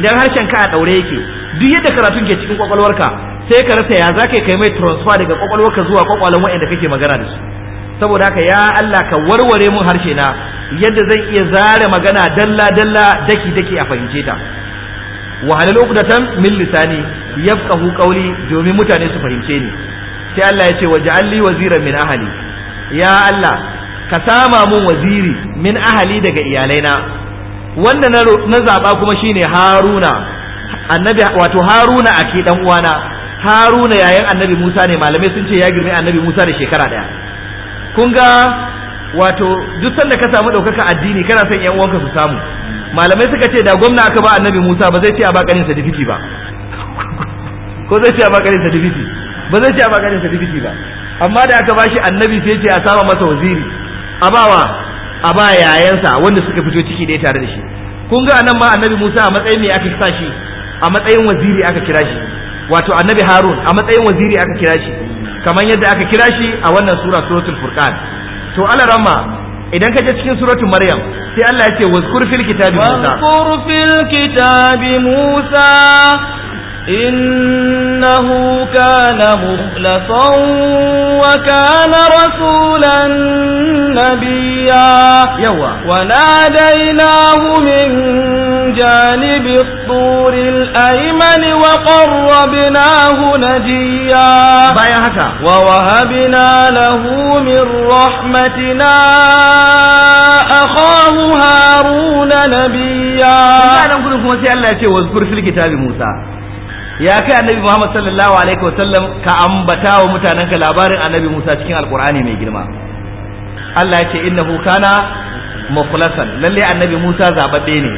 idan harshen ka a daure yake duk yadda karatun ke cikin kwakwalwarka sai ka rasa ya za ka kai mai transfer daga kwakwalwarka zuwa kwakwalen wa'anda kake magana da su saboda haka ya Allah ka warware mun harshe na yadda zan iya zare magana dalla dalla daki daki a fahimce ta wahalal uqdatan min lisani yafqahu qawli domin mutane su fahimce ni sai Allah ya ce ja'alli waziran min ahli ya Allah ka sama mun waziri min ahli daga iyalaina wanda na zaba kuma shine Haruna annabi wato Haruna ake dan uwana Haruna yayin annabi Musa ne malamai sun ce ya girme annabi Musa da shekara daya kun ga wato duk sanda ka samu ɗaukaka addini kana son yan uwanka su samu malamai suka ce da gwamna aka ba annabi Musa ba zai ce a ba kanin ba *laughs* ko zai ce a ba kanin ba zai ce a maganin certificate ba amma da aka bashi annabi sai ce a sama masa waziri a bawa a ba yayansa wanda suka fito ciki ɗaya tare da shi kun ga anan ma annabi Musa a matsayin me aka sa shi a matsayin waziri aka kira shi wato annabi Harun a matsayin waziri aka kira shi kamar yadda aka kira shi a wannan sura suratul furqan to rama idan ka je cikin suratul maryam sai Allah ya ce wazkur fil kitabi musa wazkur fil kitabi musa إنه كان مخلصا وكان رسولا نبيا يوه. وناديناه من جانب الطور الأيمن وقربناه نجيا ووهبنا له من رحمتنا أخاه هارون نبيا واذكر في الكتاب موسى ya kai annabi Muhammad sallallahu alaihi wasallam ka ambata wa mutanen mutanenka labarin annabi Musa cikin alkur'ani mai girma Allah ya ce innahu kana mukhlasan lalle annabi Musa zababbe ne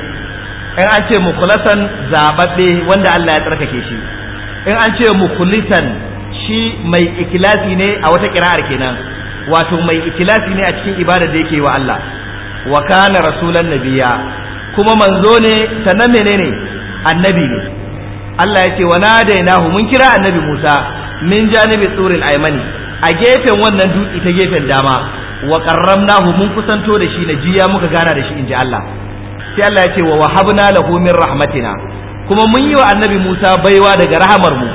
in an ce mukhlasan zababbe wanda Allah ya tsarkake shi in an ce mukhlisan shi mai ikilasi ne a wata kira'ar kenan wato mai ikilasi ne a cikin ibada da yake wa Allah wa kana rasulan nabiya kuma manzo ne sanan menene annabi ne Allah ya ce wa nadainahu mun kira annabi Musa min janibi tsurin aimani a gefen wannan dutse ta gefen dama wa qarramnahu mun kusanto da shi na jiya muka gana da shi inji Allah sai Allah ya ce wa wahabna lahu min rahmatina kuma mun yi wa annabi Musa baiwa daga rahamar mu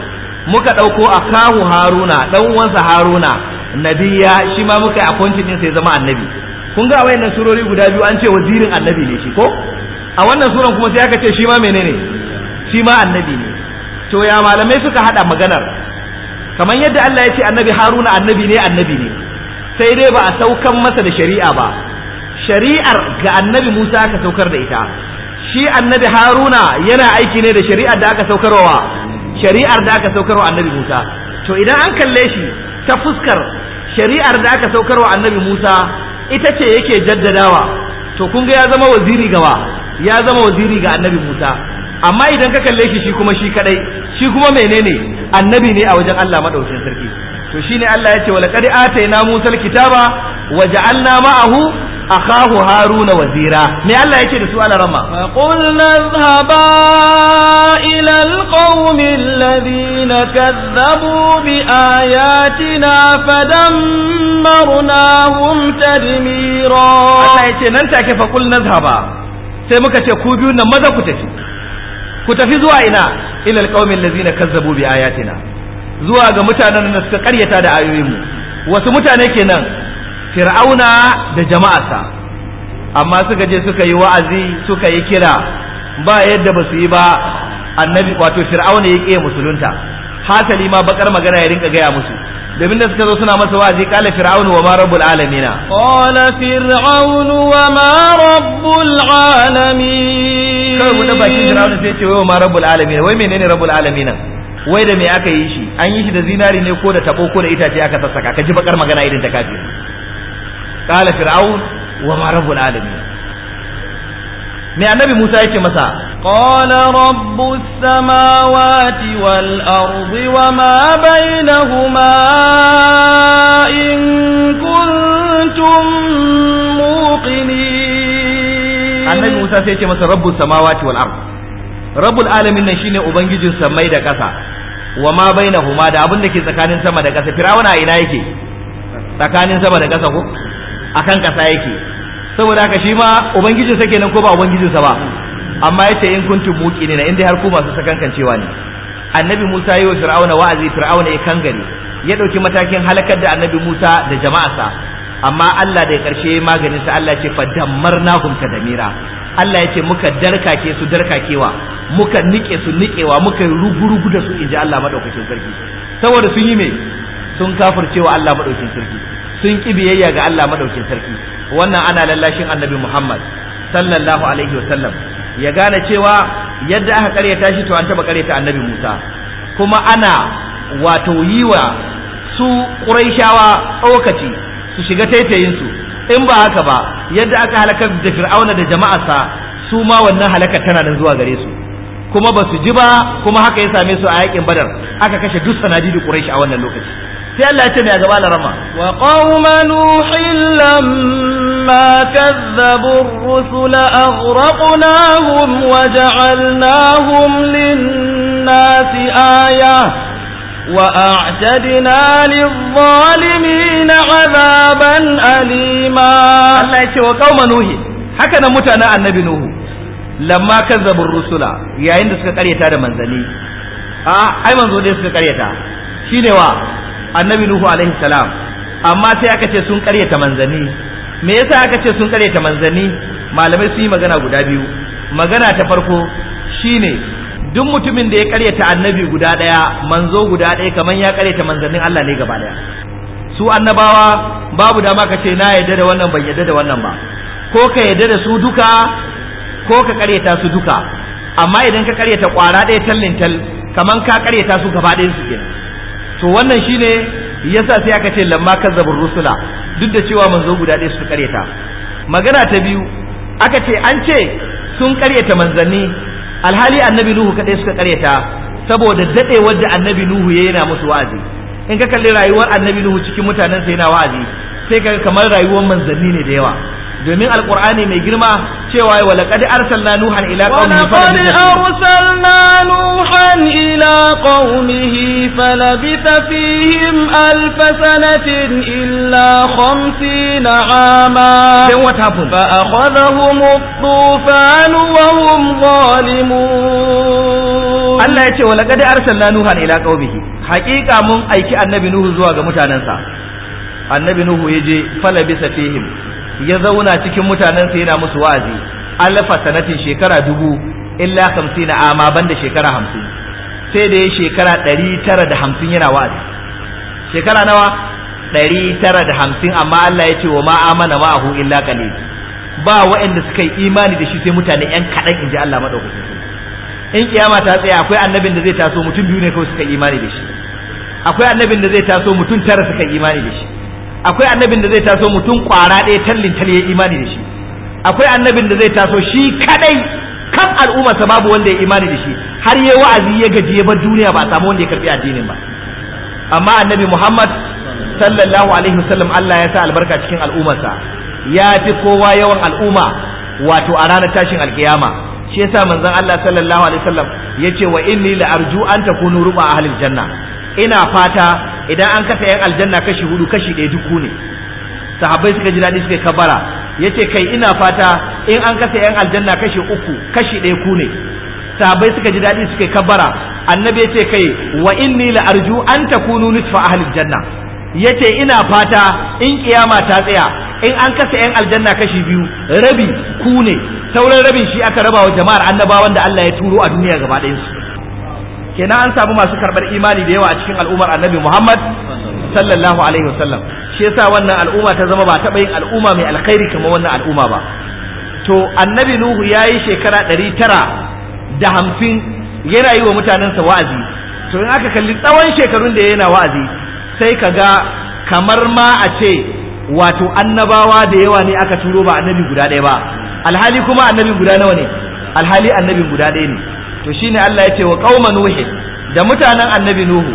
muka dauko akahu Haruna dan uwansa Haruna nabiya shi ma muka yi din sai zama annabi kun ga wayannan surori guda biyu an ce wazirin annabi ne shi ko a wannan suran kuma sai aka ce shi ma menene shi ma annabi ne to ya malamai suka hada maganar kamar yadda Allah ya ce annabi Haruna annabi ne annabi ne sai dai ba a saukan masa da shari'a ba shari'ar ga annabi Musa aka saukar da ita shi annabi Haruna yana aiki ne da shari'ar da aka saukarwa shari'ar da aka saukarwa annabi Musa to idan an kalle shi ta fuskar shari'ar da aka saukarwa annabi Musa ita ce yake jaddadawa to kun ga ya zama waziri gawa ya zama waziri ga annabi Musa amma idan ka kalle shi shi kuma shi kadai shi kuma menene annabi ne a wajen Allah madaukakin sarki to shine Allah ya ce wa laqad atayna musal kitaba wa ja'alna ma'ahu akhahu haruna wazira me Allah yake da su alarama qulna dhhaba ila alqawmi alladhina kadhabu bi ayatina fadammarnahum tadmira Allah yace nan take fa qulna dhhaba sai muka ce ku biyu nan maza ku tafi ku tafi zuwa ina ilal qaumil ladzina kazzabu bi ayatina zuwa ga mutanen da suka karyata da ayoyinmu wasu mutane kenan fir'auna da jama'arsa amma suka je suka yi wa'azi suka yi kira ba yadda ba su yi ba annabi wato fir'auna ya musulunta hasali ma bakar magana ya rinka gaya musu domin da suka zo suna masa wa'azi qala fir'aunu wa ma rabbul alamin qala fir'aunu wa ma rabbul alamin kai mu bakin fir'aunu sai ce wai wa ma rabbul alamin wai menene rabbul alamin wai da me aka yi shi an yi shi da zinari ne ko da tabo ko da itace aka sassaka ka ji bakar magana irin ta kafir qala fir'aun wa ma rabbul alamin me annabi Musa ya ce masa qala rabbus samawati wal ardi wama bainahuma in kuntum muqinin annabi Musa sai yake masa rabbus samawati wal ardi rabbul alamin nan shine ubangijin samai da ƙasa wama bainahuma da abin da ke tsakanin sama da ƙasa firawuna ina yake tsakanin sama da ƙasa ko akan ƙasa yake saboda haka shi ma ubangijinsa kenan ko ba sa ba amma yace in kuntum muqinina inda har ku masu cewa ne annabi Musa yayi Fir'auna wa'azi Fir'auna ya kangare ya dauki matakin halakar da annabi Musa da jama'arsa amma Allah da ya karshe maganin sa Allah ya ce fa kadamira mira. Allah ya ce muka darkake su darkakewa muka nike su nikewa muka rugurugu da su inji Allah madaukakin sarki saboda sun yi me sun kafircewa Allah madaukakin sarki sun ki biyayya ga Allah madaukakin sarki wannan ana lallashin annabi Muhammad sallallahu alaihi wa sallam ya gane cewa yadda aka karyata shi to an taba karyata annabi Musa kuma ana wato yiwa su Qurayshawa tsokaci su shiga taitayin su in ba haka ba yadda aka halakar da Fir'auna da jama'arsa su ma wannan halakar tana nan zuwa gare su kuma ba su ji ba kuma haka ya same su a yakin Badar aka kashe duk sanadi da Quraysh a wannan lokaci sai Allah ya ce mai gaba larama wa qauma nuhin lamma kazzabu ar-rusula aghraqnahum wa ja'alnahum lin-nasi ayah وأعتدنا للظالمين عذابا أليما الله يشي وقوم نوح هكذا متنا النبي نوح لما كذبوا الرسل يا عند سكا قريتا da manzali a ah, ai manzo dai suka karyata shine wa annabi nuhu alaihi salam amma sai aka ce sun karyata manzanni me yasa aka ce sun karyata manzanni malamai su yi magana guda biyu magana ta farko shine duk mutumin da ya karyata annabi guda daya manzo guda daya kamar ya karyata manzannin Allah ne gaba daya su annabawa babu dama ka ce na yadda da wannan ban yadda da wannan ba ko ka yadda da su duka ko ka karyata su duka amma idan ka karyata kwara ɗaya tallin tal kaman ka karyata su gaba daya su kenan to wannan shine yasa sai aka ce lamma kazzabur rusula duk da cewa manzo guda ɗaya su karyata magana ta biyu aka ce an ce sun karyata manzanni alhali annabi nuhu kadai suka karyata saboda dadewar da annabi nuhu ya yana musu wa'azi in ka kalli rayuwar annabi nuhu cikin mutanen sa yana wa'azi sai ka kamar rayuwar manzanni ne da yawa domin alkur'ani mai girma cewa wa laqad arsalna nuhan ila qaumihi fa laqad arsalna nuhan ila qaumihi falabitha fihim alf sanatin illa 50 ama then what happened fa akhadhahum at-tufan wa hum zalimun Allah ya ce wa laqad arsalna nuhan ila qaumihi haqiqa mun aiki annabi nuhu zuwa ga mutanansa annabi nuhu yaje falabitha fihim ya zauna cikin mutanensa yana musu wa'azi alfa sanatin shekara dubu illa hamsin amma banda shekara hamsin sai da ya shekara ɗari tara da hamsin yana wa'azi shekara nawa ɗari tara da hamsin amma Allah ya ce wa ma amana ma ma'ahu illa qalil ba waɗanda suka yi imani da shi sai mutane yan kaɗan in ji Allah madaukakin in kiyama ta tsaya akwai annabin da zai taso mutum biyu ne kawai suka yi imani da shi akwai annabin da zai taso mutum tara suka yi imani da shi akwai annabin da zai taso mutum kwara ɗaya tallin tal ya imani da shi akwai annabin da zai taso shi kadai kan al'umma sa babu wanda ya imani da shi har ya wa'azi ya gaji ya bar duniya ba a samu wanda ya karbi addinin ba amma annabi Muhammad sallallahu alaihi wasallam Allah ya sa albarka cikin sa ya fi kowa yawan al'umma wato a ranar tashin alkiyama shi yasa manzon Allah sallallahu alaihi wasallam yace wa inni la arju an takunu ruba ahlil janna ina fata idan an kasa yan aljanna kashi hudu kashi ɗaya duku ne sahabbai suka ji daɗi suka kabara yace kai ina fata in an kasa yan aljanna kashi uku kashi ɗaya ku ne sahabbai suka ji daɗi suka kabara annabi yace kai wa inni la arju an takunu nisfa ahli janna yace ina fata in kiyama ta tsaya in an kasa yan aljanna kashi biyu rabi ku ne sauran rabin shi aka raba wa jama'ar annabawan da Allah ya turo a duniya gaba ɗayansu kenan an samu masu karɓar imani da yawa a cikin al'ummar annabi Muhammad sallallahu alaihi wasallam shi yasa wannan al'umma ta zama ba taɓa yin al'umma mai alkhairi kamar wannan al'umma ba to annabi Nuhu ya yi shekara ɗari tara da hamsin yana yi wa mutanensa wa'azi to in aka kalli tsawon shekarun da yana wa'azi sai ka ga kamar ma a ce wato annabawa da yawa ne aka turo ba annabi guda ɗaya ba alhali kuma annabi guda nawa ne alhali annabin guda ɗaya ne to shine Allah ya ce wa qauma nuhi da mutanen annabi nuhu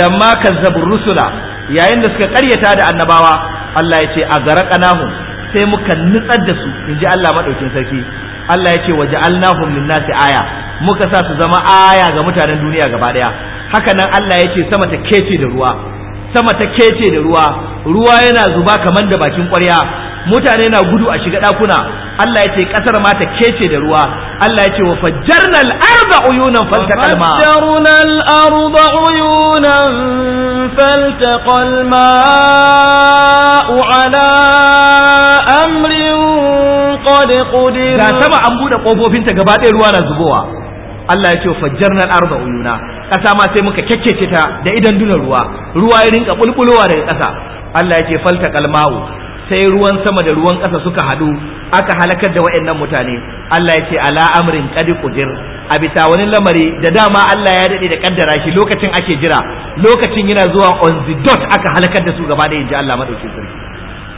lamma kazzabu rusula yayin da suka karyata da annabawa Allah ya ce a garaqanahum sai muka nutsar da su inji Allah madaukin sarki Allah ya ce waja'alnahum lin-nasi aya muka sa su zama aya ga mutanen duniya gaba daya haka nan Allah ya ce sama ta kece da ruwa sama ta kece da ruwa ruwa yana zuba kamar da bakin ƙwarya mutane na gudu a shiga ɗakuna Allah ya ce kasar ma ta kece da ruwa Allah ya ce wa fajjarna al-arda uyunan faltaqal ma fajjarna al-arda uyunan faltaqal ma ala amrin qad qudir ga sama an bude kofofin ta gaba ɗaya ruwa na zubowa Allah ya ce wa fajjarna al-arda uyuna kasa ma sai muka kekece ta da idan dunar ruwa ruwa ya rinka bulbulowa daga kasa Allah ya ce faltaqal ma'u sai ruwan sama da ruwan ƙasa suka haɗu aka halakar da waɗannan mutane Allah ya ce ala amrin qad qudir a bisa wani lamari da dama Allah ya dade da kaddara shi lokacin ake jira lokacin yana zuwa on the dot aka halakar da su gaba da inji Allah madauki sarki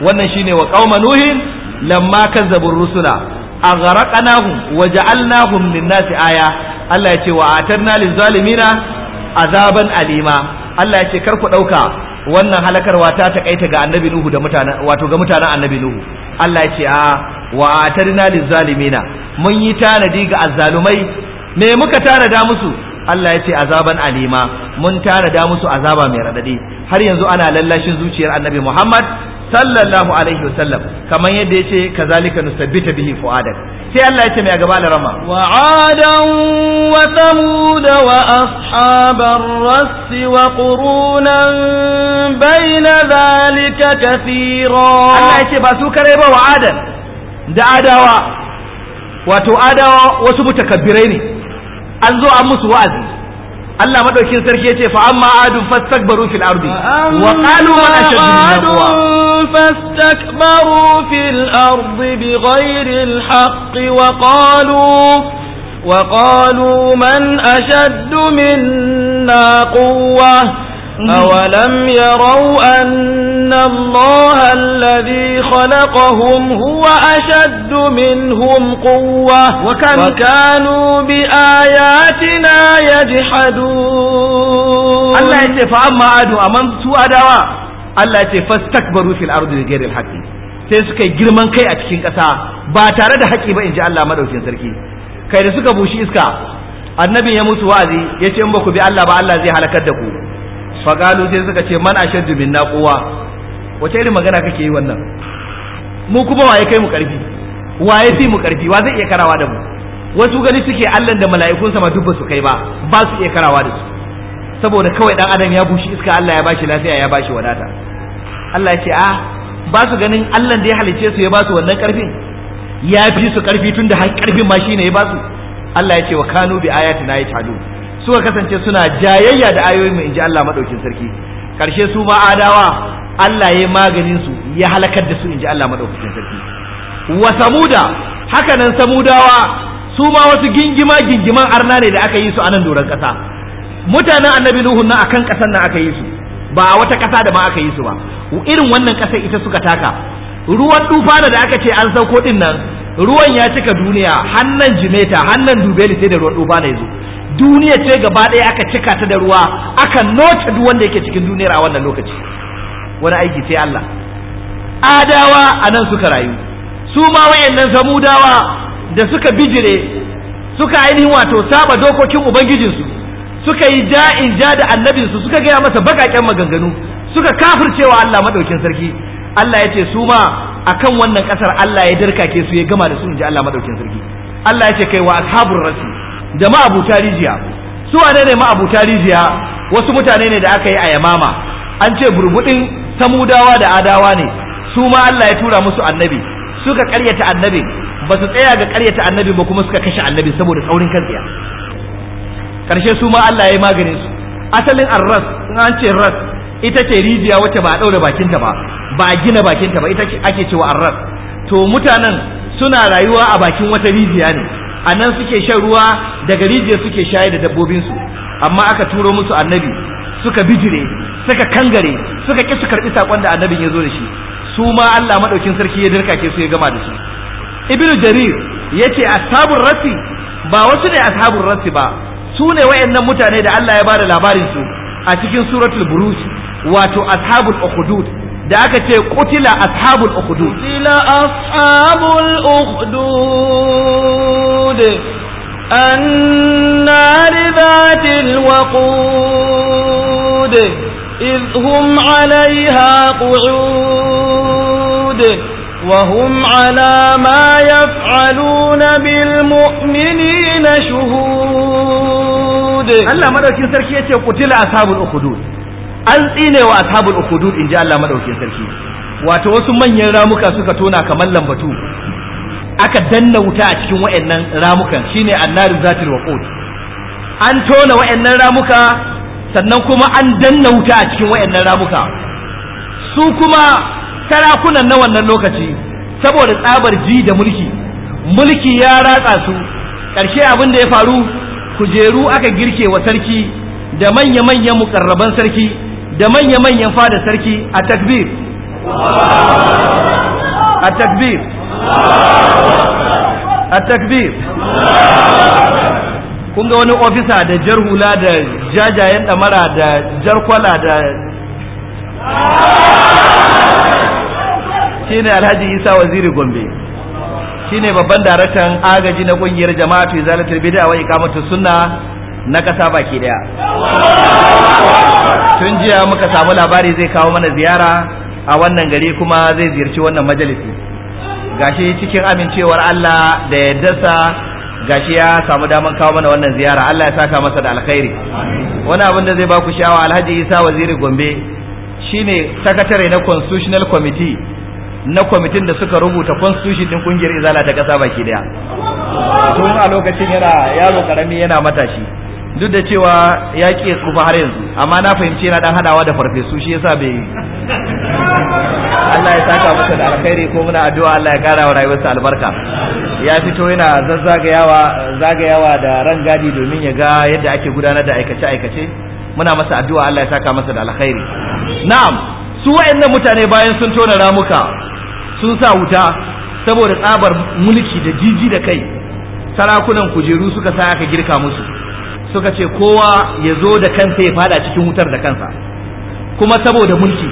wannan shine wa qauma nuhin lamma kazzabur rusula aghraqnahum waja'alnahum lin-nasi aya Allah ya ce wa atarna lil-zalimina azaban alima Allah ya ce kar ku ɗauka. wannan halakarwa ta takaita ga annabi nuhu da mutane wato ga mutanen annabi nuhu Allah ya ce a wa atarna lizalimina mun yi tanadi ga azzalumai me muka tanada musu Allah ya ce azaban alima mun tanada musu azaba mai radadi har yanzu ana lallashin zuciyar annabi Muhammad sallallahu alaihi wasallam kamar yadda yace kazalika nusabbita bihi fuadak sai Allah yace mai gaba da rama wa adan wa thamud wa ashabar rass wa qurunan baina zalika kathira Allah yace ba su kare ba wa adan da adawa wato adawa wasu mutakabbirai ne an zo an musu wa'azi Allah madaukin sarki yace fa amma adu fastakbaru fil ardi wa qalu man ashaddu minna quwwa fastakbaru fil ardi bighayri al haqqi wa qalu وقالوا من أشد منا قوة أولم يروا أن الله الذي خلقهم هو أشد منهم قوة وكان وكانوا بآياتنا يجحدون الله يتفى أما عادوا أمن سوء الله يتفى فاستكبروا في الأرض بغير الحق sai suka yi girman kai a cikin ƙasa ba tare da haƙƙi ba in ji Allah madaukin sarki kai da suka bushi iska annabin ya musu wa'azi ya ce in ba ku bi Allah ba Allah zai halakar da ku fagalu sai suka ce man ashaddu minna kowa wace irin magana kake yi wannan mu kuma waye kai mu karfi waye fi mu karfi wa zai iya karawa da mu wasu gani suke Allah da mala'ikun sama duk su kai ba ba su iya karawa da su saboda kawai dan adam ya bushi iska Allah ya bashi lafiya ya bashi wadata Allah ya ce a ah, ba su ganin Allah da ya halice su ya ba su wannan karfin ya fi su karfi tunda har karfin ma shine ya ba su Allah ya ce wa kanu bi ayatina yatadu suka kasance suna jayayya da ayoyin mu inji Allah madaukin sarki karshe su ma adawa Allah ya maganin su ya halakar da su inji Allah madaukin sarki wa samuda haka nan samudawa su ma wasu gingima gingiman arna ne da aka yi su a nan doron kasa mutanen annabi nuhu na akan kasan nan aka yi su ba a wata kasa da ma aka yi su ba irin wannan kasar ita suka taka ruwan tufana da aka ce an sauko din nan ruwan ya cika duniya hannan jimeta hannan dubeli sai da ruwan tufana ya zo duniya ce gaba ɗaya aka cika ta da ruwa aka noce duk wanda yake cikin duniyar a wannan lokaci wani aiki sai Allah adawa a nan suka rayu su ma wayannan samudawa da suka bijire suka ainihin wato saba dokokin ubangijinsu suka yi ja'in ja da annabinsu suka gaya masa bakaken maganganu suka kafircewa Allah madaukin sarki Allah ya ce su ma akan wannan kasar Allah ya dirkake su ya gama da su inji Allah madaukin sarki Allah ya ce kai wa ashabur rasul da ma'abuta rijiya su wane ne ma'abuta rijiya wasu mutane ne da aka yi a yamama an ce burbudin samudawa da adawa ne su ma Allah ya tura musu annabi suka karyata annabi ba su tsaya ga karyata annabi ba kuma suka kashe annabi saboda saurin kan tsiya karshe su ma Allah ya yi maganin su asalin arras in an ce ras ita ce rijiya wacce ba a daura bakinta ba ba a gina bakinta ba ita ake cewa arras to mutanen suna rayuwa a bakin wata rijiya ne a nan suke shan ruwa daga rijiyar suke shayar da dabbobinsu amma aka turo musu annabi suka bijire suka kangare suka ƙi su karɓi saƙon da annabin ya zo da shi su ma Allah maɗaukin sarki ya dirkake su ya gama da su ibnu jarir ya ce ashabun rasi ba wasu ne ashabun rasi ba su ne wayannan mutane da Allah ya bada labarin su a cikin suratul buruj wato ashabul ukhdud da aka ce kutila ashabul ukhdud qutila ashabul ukhdud الوقود النار ذات الوقود إذ هم عليها قعود وهم على ما يفعلون بالمؤمنين شهود الله مدوكين سركي يتي قتل أصحاب الأخدود ألئين وأصحاب الأخدود إن جاء الله مدوكين سركي wato wasu manyan ramuka suka tona kamar lambatu aka danna wuta a cikin wa'annan ramukan shine annaru zatil waqud an tona wa'annan ramuka sannan kuma an danna wuta a cikin wa'annan ramuka su kuma sarakunan na wannan lokaci saboda tsabar ji da mulki mulki ya ratsa su ƙarshe abin da ya faru kujeru aka girke wa sarki da manya-manyan mukarraban sarki da manya-manyan fada sarki a takbir a takbir a takbir kun ga wani ofisa da jar hula da jajayen ɗamara da jar kwala da ne alhaji isa waziri gombe Shi ne babban daraktan agaji na kungiyar jama'atu izalatul bid'a wa iqamatu sunna na kasa baki daya tun jiya muka samu labari zai kawo mana ziyara a wannan gari kuma zai ziyarci wannan majalisi gashi cikin amincewar Allah da yaddarsa gashi ya samu damar kawo mana wannan ziyara Allah ya saka masa da alkhairi wani abin da zai baku sha'awa Alhaji Isa Waziri Gombe shine sakatare na Constitutional Committee na kwamitin da suka rubuta constitution din kungiyar izala ta kasa baki daya tun a lokacin yana yaro karami yana matashi duk da cewa ya ƙi kufa har yanzu amma na fahimci yana dan hadawa da farfesu shi yasa bai Allah ya saka masa da alkhairi ko muna addu'a Allah ya kara wa rayuwarsa albarka ya fito yana zazzagayawa zagayawa da rangadi domin ya ga yadda ake gudanar da aikace aikace muna masa addu'a Allah ya saka masa da alkhairi na'am su wayannan mutane bayan sun tona ramuka sun sa wuta saboda tsabar mulki da jiji da kai sarakunan kujeru suka sa aka girka musu suka ce kowa ya zo da kansa ya fada cikin wutar da kansa kuma saboda mulki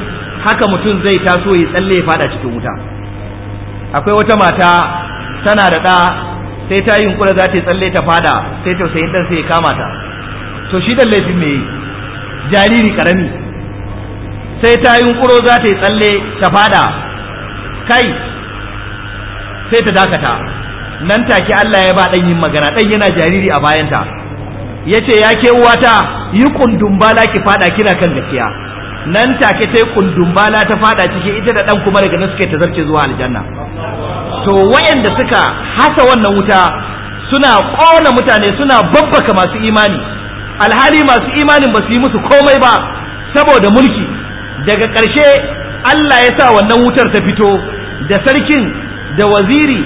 haka mutum zai taso ya tsalle ya fada cikin wuta akwai wata mata tana da ɗa sai ta yi yunkura za ta tsalle ta fada sai tausayin ɗan sai ya kama ta to shi ɗan laifin me jariri karami sai ta yi yunkuro za ta yi tsalle ta fada kai sai ta dakata nan take Allah ya ba ɗan yin magana ɗan yana jariri a bayanta yace ya ke uwata yi kundumbala ki fada kina kan gaskiya nan take tai kundumbala ta fada ciki ita da ɗan kuma daga nan suka tazarce zuwa aljanna to wayanda suka hasa wannan wuta suna kona mutane suna babbaka masu imani alhali masu imanin ba su yi musu komai ba saboda mulki daga ƙarshe Allah ya sa wannan wutar ta fito da sarkin da waziri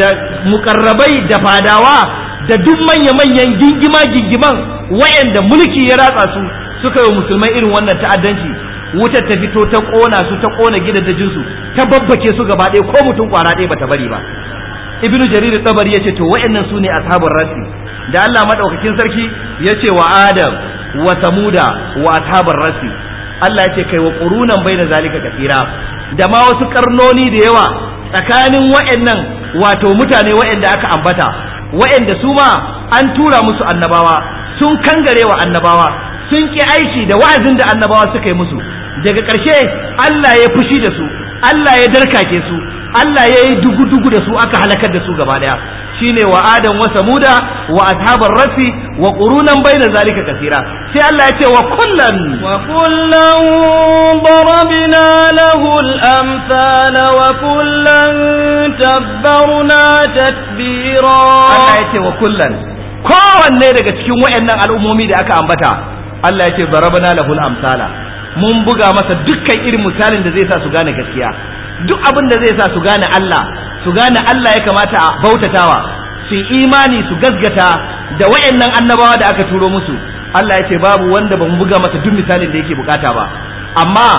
da mukarrabai da fadawa da duk manya-manyan gingima-gingiman wayanda mulki ya ratsa su suka yi musulmai irin wannan ta'addanci wutar ta fito ta kona su ta kona da jinsu ta babbake su gaba ɗaya ko mutum kwara ɗaya bata bari ba ibnu jarir tabari yace to wayannan sune ashabar rasi da Allah madaukakin sarki yace wa adam wa samuda wa ashabar rasi Allah yace kai wa qurunan baina zalika kafira. da ma wasu karnoni da yawa tsakanin wayannan wato mutane wayanda aka ambata wa'anda su ma an tura musu annabawa sun kangare wa annabawa sun ƙi aiki da wa'azin da annabawa suka yi musu daga ƙarshe Allah ya fushi da su Allah ya darkake su Allah ya yi dugu-dugu da su aka halakar da su gaba daya shine wa adam wa samuda wa ashabar rafi wa qurunan baina zalika kasira sai Allah ya ce wa kullan wa kullan darabna lahu al wa kullan tabbarna tatbira Allah ya ce wa kullan kowanne daga cikin wayannan al'ummomi da aka ambata Allah ya ce darabna lahu al-amsala mun buga masa dukkan irin misalin da zai sa su gane gaskiya duk abin da zai sa su gane Allah su gane Allah ya kamata a bautatawa su imani su gasgata da wayannan annabawa da aka turo musu Allah ya ce babu wanda ban buga masa duk misalin da yake bukata ba amma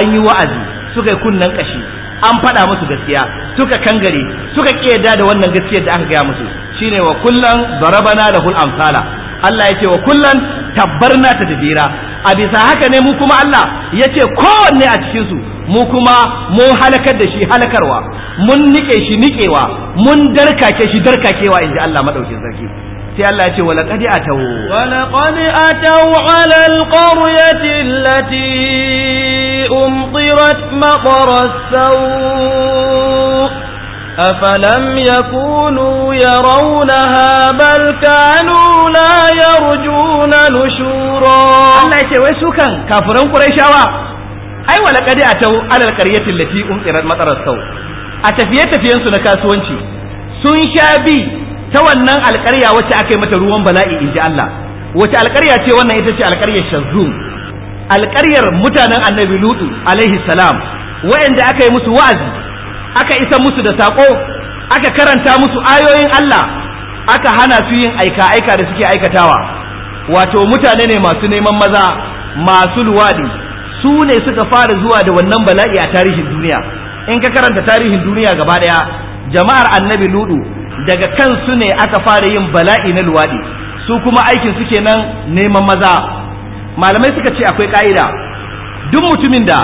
an yi wa'azi suka yi kunnen kashi an faɗa musu gaskiya suka kangare suka kiyada da wannan gaskiyar da aka gaya musu shine wa kullan darabana lahul amsala Allah ya ce wa kullan tabbarna dira a bisa haka ne mu kuma Allah ya ce kowanne a cikin su mu kuma mu halakar da shi halakarwa mun nike shi nikewa mun darkake shi darkakewa in ji Allah madaukin sarki sai Allah ya ce wala qad ataw wala qad ataw ala alqaryati allati umtirat maqara sawu أفلم يكونوا يرونها بل كانوا لا يرجون نشورا الله يتي وي سوكا كافرون قريشاوا اي ولا قد اتوا على القريه التي امطرت مطر السوء اتفيه تفيين su na kasuwanci sun sha bi ta wannan alƙarya wacce aka yi mata ruwan bala'i inji Allah wacce alƙarya ce wannan ita ce alƙaryar Shazum alƙaryar mutanen Annabi Lutu alaihi salam waɗanda aka yi musu wa'azi aka isa musu da saƙo aka karanta musu ayoyin Allah aka hana su yin aika aika da suke aikatawa wato mutane ne masu neman maza masu luwadi su ne suka fara zuwa da wannan bala'i a tarihin duniya in ka karanta tarihin duniya gaba daya jama'ar annabi ludu daga kan su ne aka fara yin bala'i na luwadi su kuma aikin su kenan neman maza malamai suka ce akwai ka'ida duk mutumin da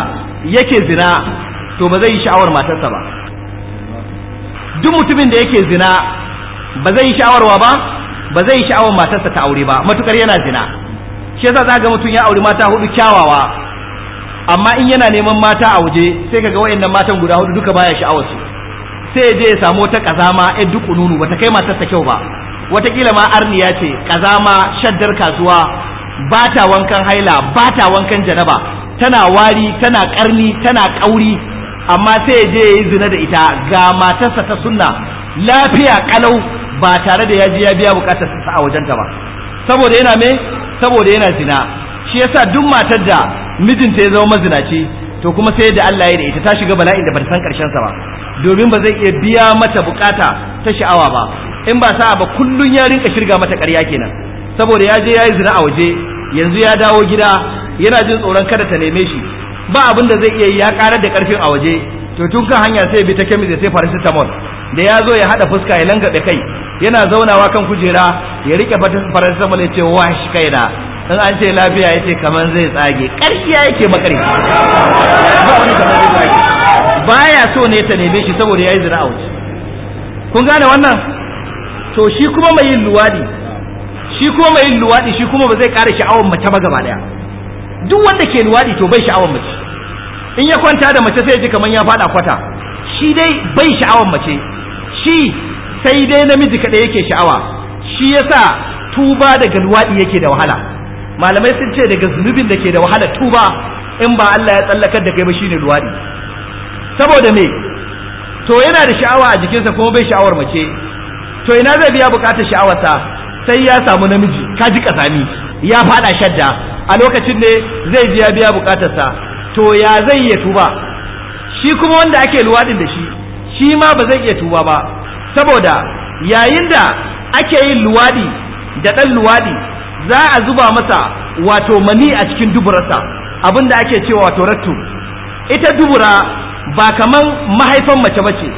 yake zina to ba zai yi sha'awar matarsa ba duk mutumin da yake zina ba zai yi sha'awarwa ba ba zai yi sha'awar matarsa ta aure ba matukar yana zina shi yasa za ga mutum ya aure mata hudu kyawawa amma in yana neman mata a waje sai kaga wayannan matan guda hudu duka baya sha'awar su sai ya je ya samu wata kazama ya duk nunu bata kai matarsa kyau ba watakila ma arniya ce kazama shaddar kasuwa ba ta wankan haila ba ta wankan janaba tana wari tana karni tana kauri amma sai ya je ya yi zina da ita ga matarsa ta sunna lafiya kalau ba tare da ya je ya biya bukatar sa a wajenta ba saboda yana me saboda yana zina shi yasa duk matar da mijinta ya zama mazinaci to kuma sai da Allah ya da ita ta shiga bala'in da ba san karshen sa ba domin ba zai iya biya mata bukata ta sha'awa ba in ba sa'a ba kullun ya rinka shirga mata ƙarya kenan saboda ya je ya yi zina a waje yanzu ya dawo gida yana jin tsoron kada ta neme shi ba abin da zai iya yi ya karar da karfin a waje to tun kan hanya sai bi ta kemis sai paracetamol da ya zo ya hada fuska ya langabe kai yana zaunawa kan kujera ya rike paracetamol ya ce wash kaina in an ce lafiya ya ce kaman zai tsage ya yake makari ba wani kaman zai tsage baya so ne ta neme shi saboda yayi zina a waje kun gane wannan to shi kuma mai yin luwadi shi kuma mai luwadi shi kuma ba zai ƙara sha'awar mace ba gaba ɗaya duk wanda ke luwadi to bai sha'awar mace in ya kwanta da mace sai ya ji kamar ya fada kwata shi dai bai sha'awar mace shi sai dai namiji kaɗai yake sha'awa shi yasa tuba daga luwaɗi yake da wahala malamai sun ce daga zunubin da ke da wahala tuba in ba Allah ya tsallakar da kai ba shine luwaɗi saboda me to yana da sha'awa a jikinsa kuma bai sha'awar mace to ina zai biya bukatar sha'awarsa sai ya samu namiji ka ji kasami ya fada shadda a lokacin ne zai biya biya bukatarsa to ya zai iya tuba shi kuma wanda ake luwaɗin da shi shi ma ba zai iya tuba ba saboda yayin da ake yin luwaɗi da ɗan luwaɗi za a zuba masa wato mani a cikin duburarsa abin ake cewa wato rattu ita dubura ba kaman mahaifan mace ba ce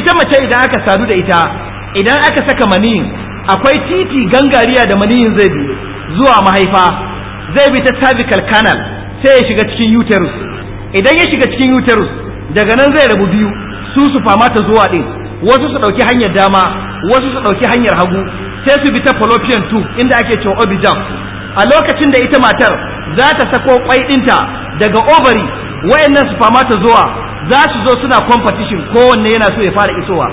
ita mace idan aka sadu da ita idan aka saka maniyin akwai titi gangariya da maniyin zai bi zuwa mahaifa zai bi ta cervical canal sai ya shiga cikin uterus idan ya shiga cikin uterus daga nan zai rabu biyu su su fama ta zuwa din wasu su dauki hanyar dama wasu su dauki hanyar hagu sai su bi ta fallopian tube inda ake cewa obijam a lokacin da ita matar za ta sako kwai dinta daga ovary wayannan su fama ta zuwa za su zo suna competition kowanne yana so ya fara isowa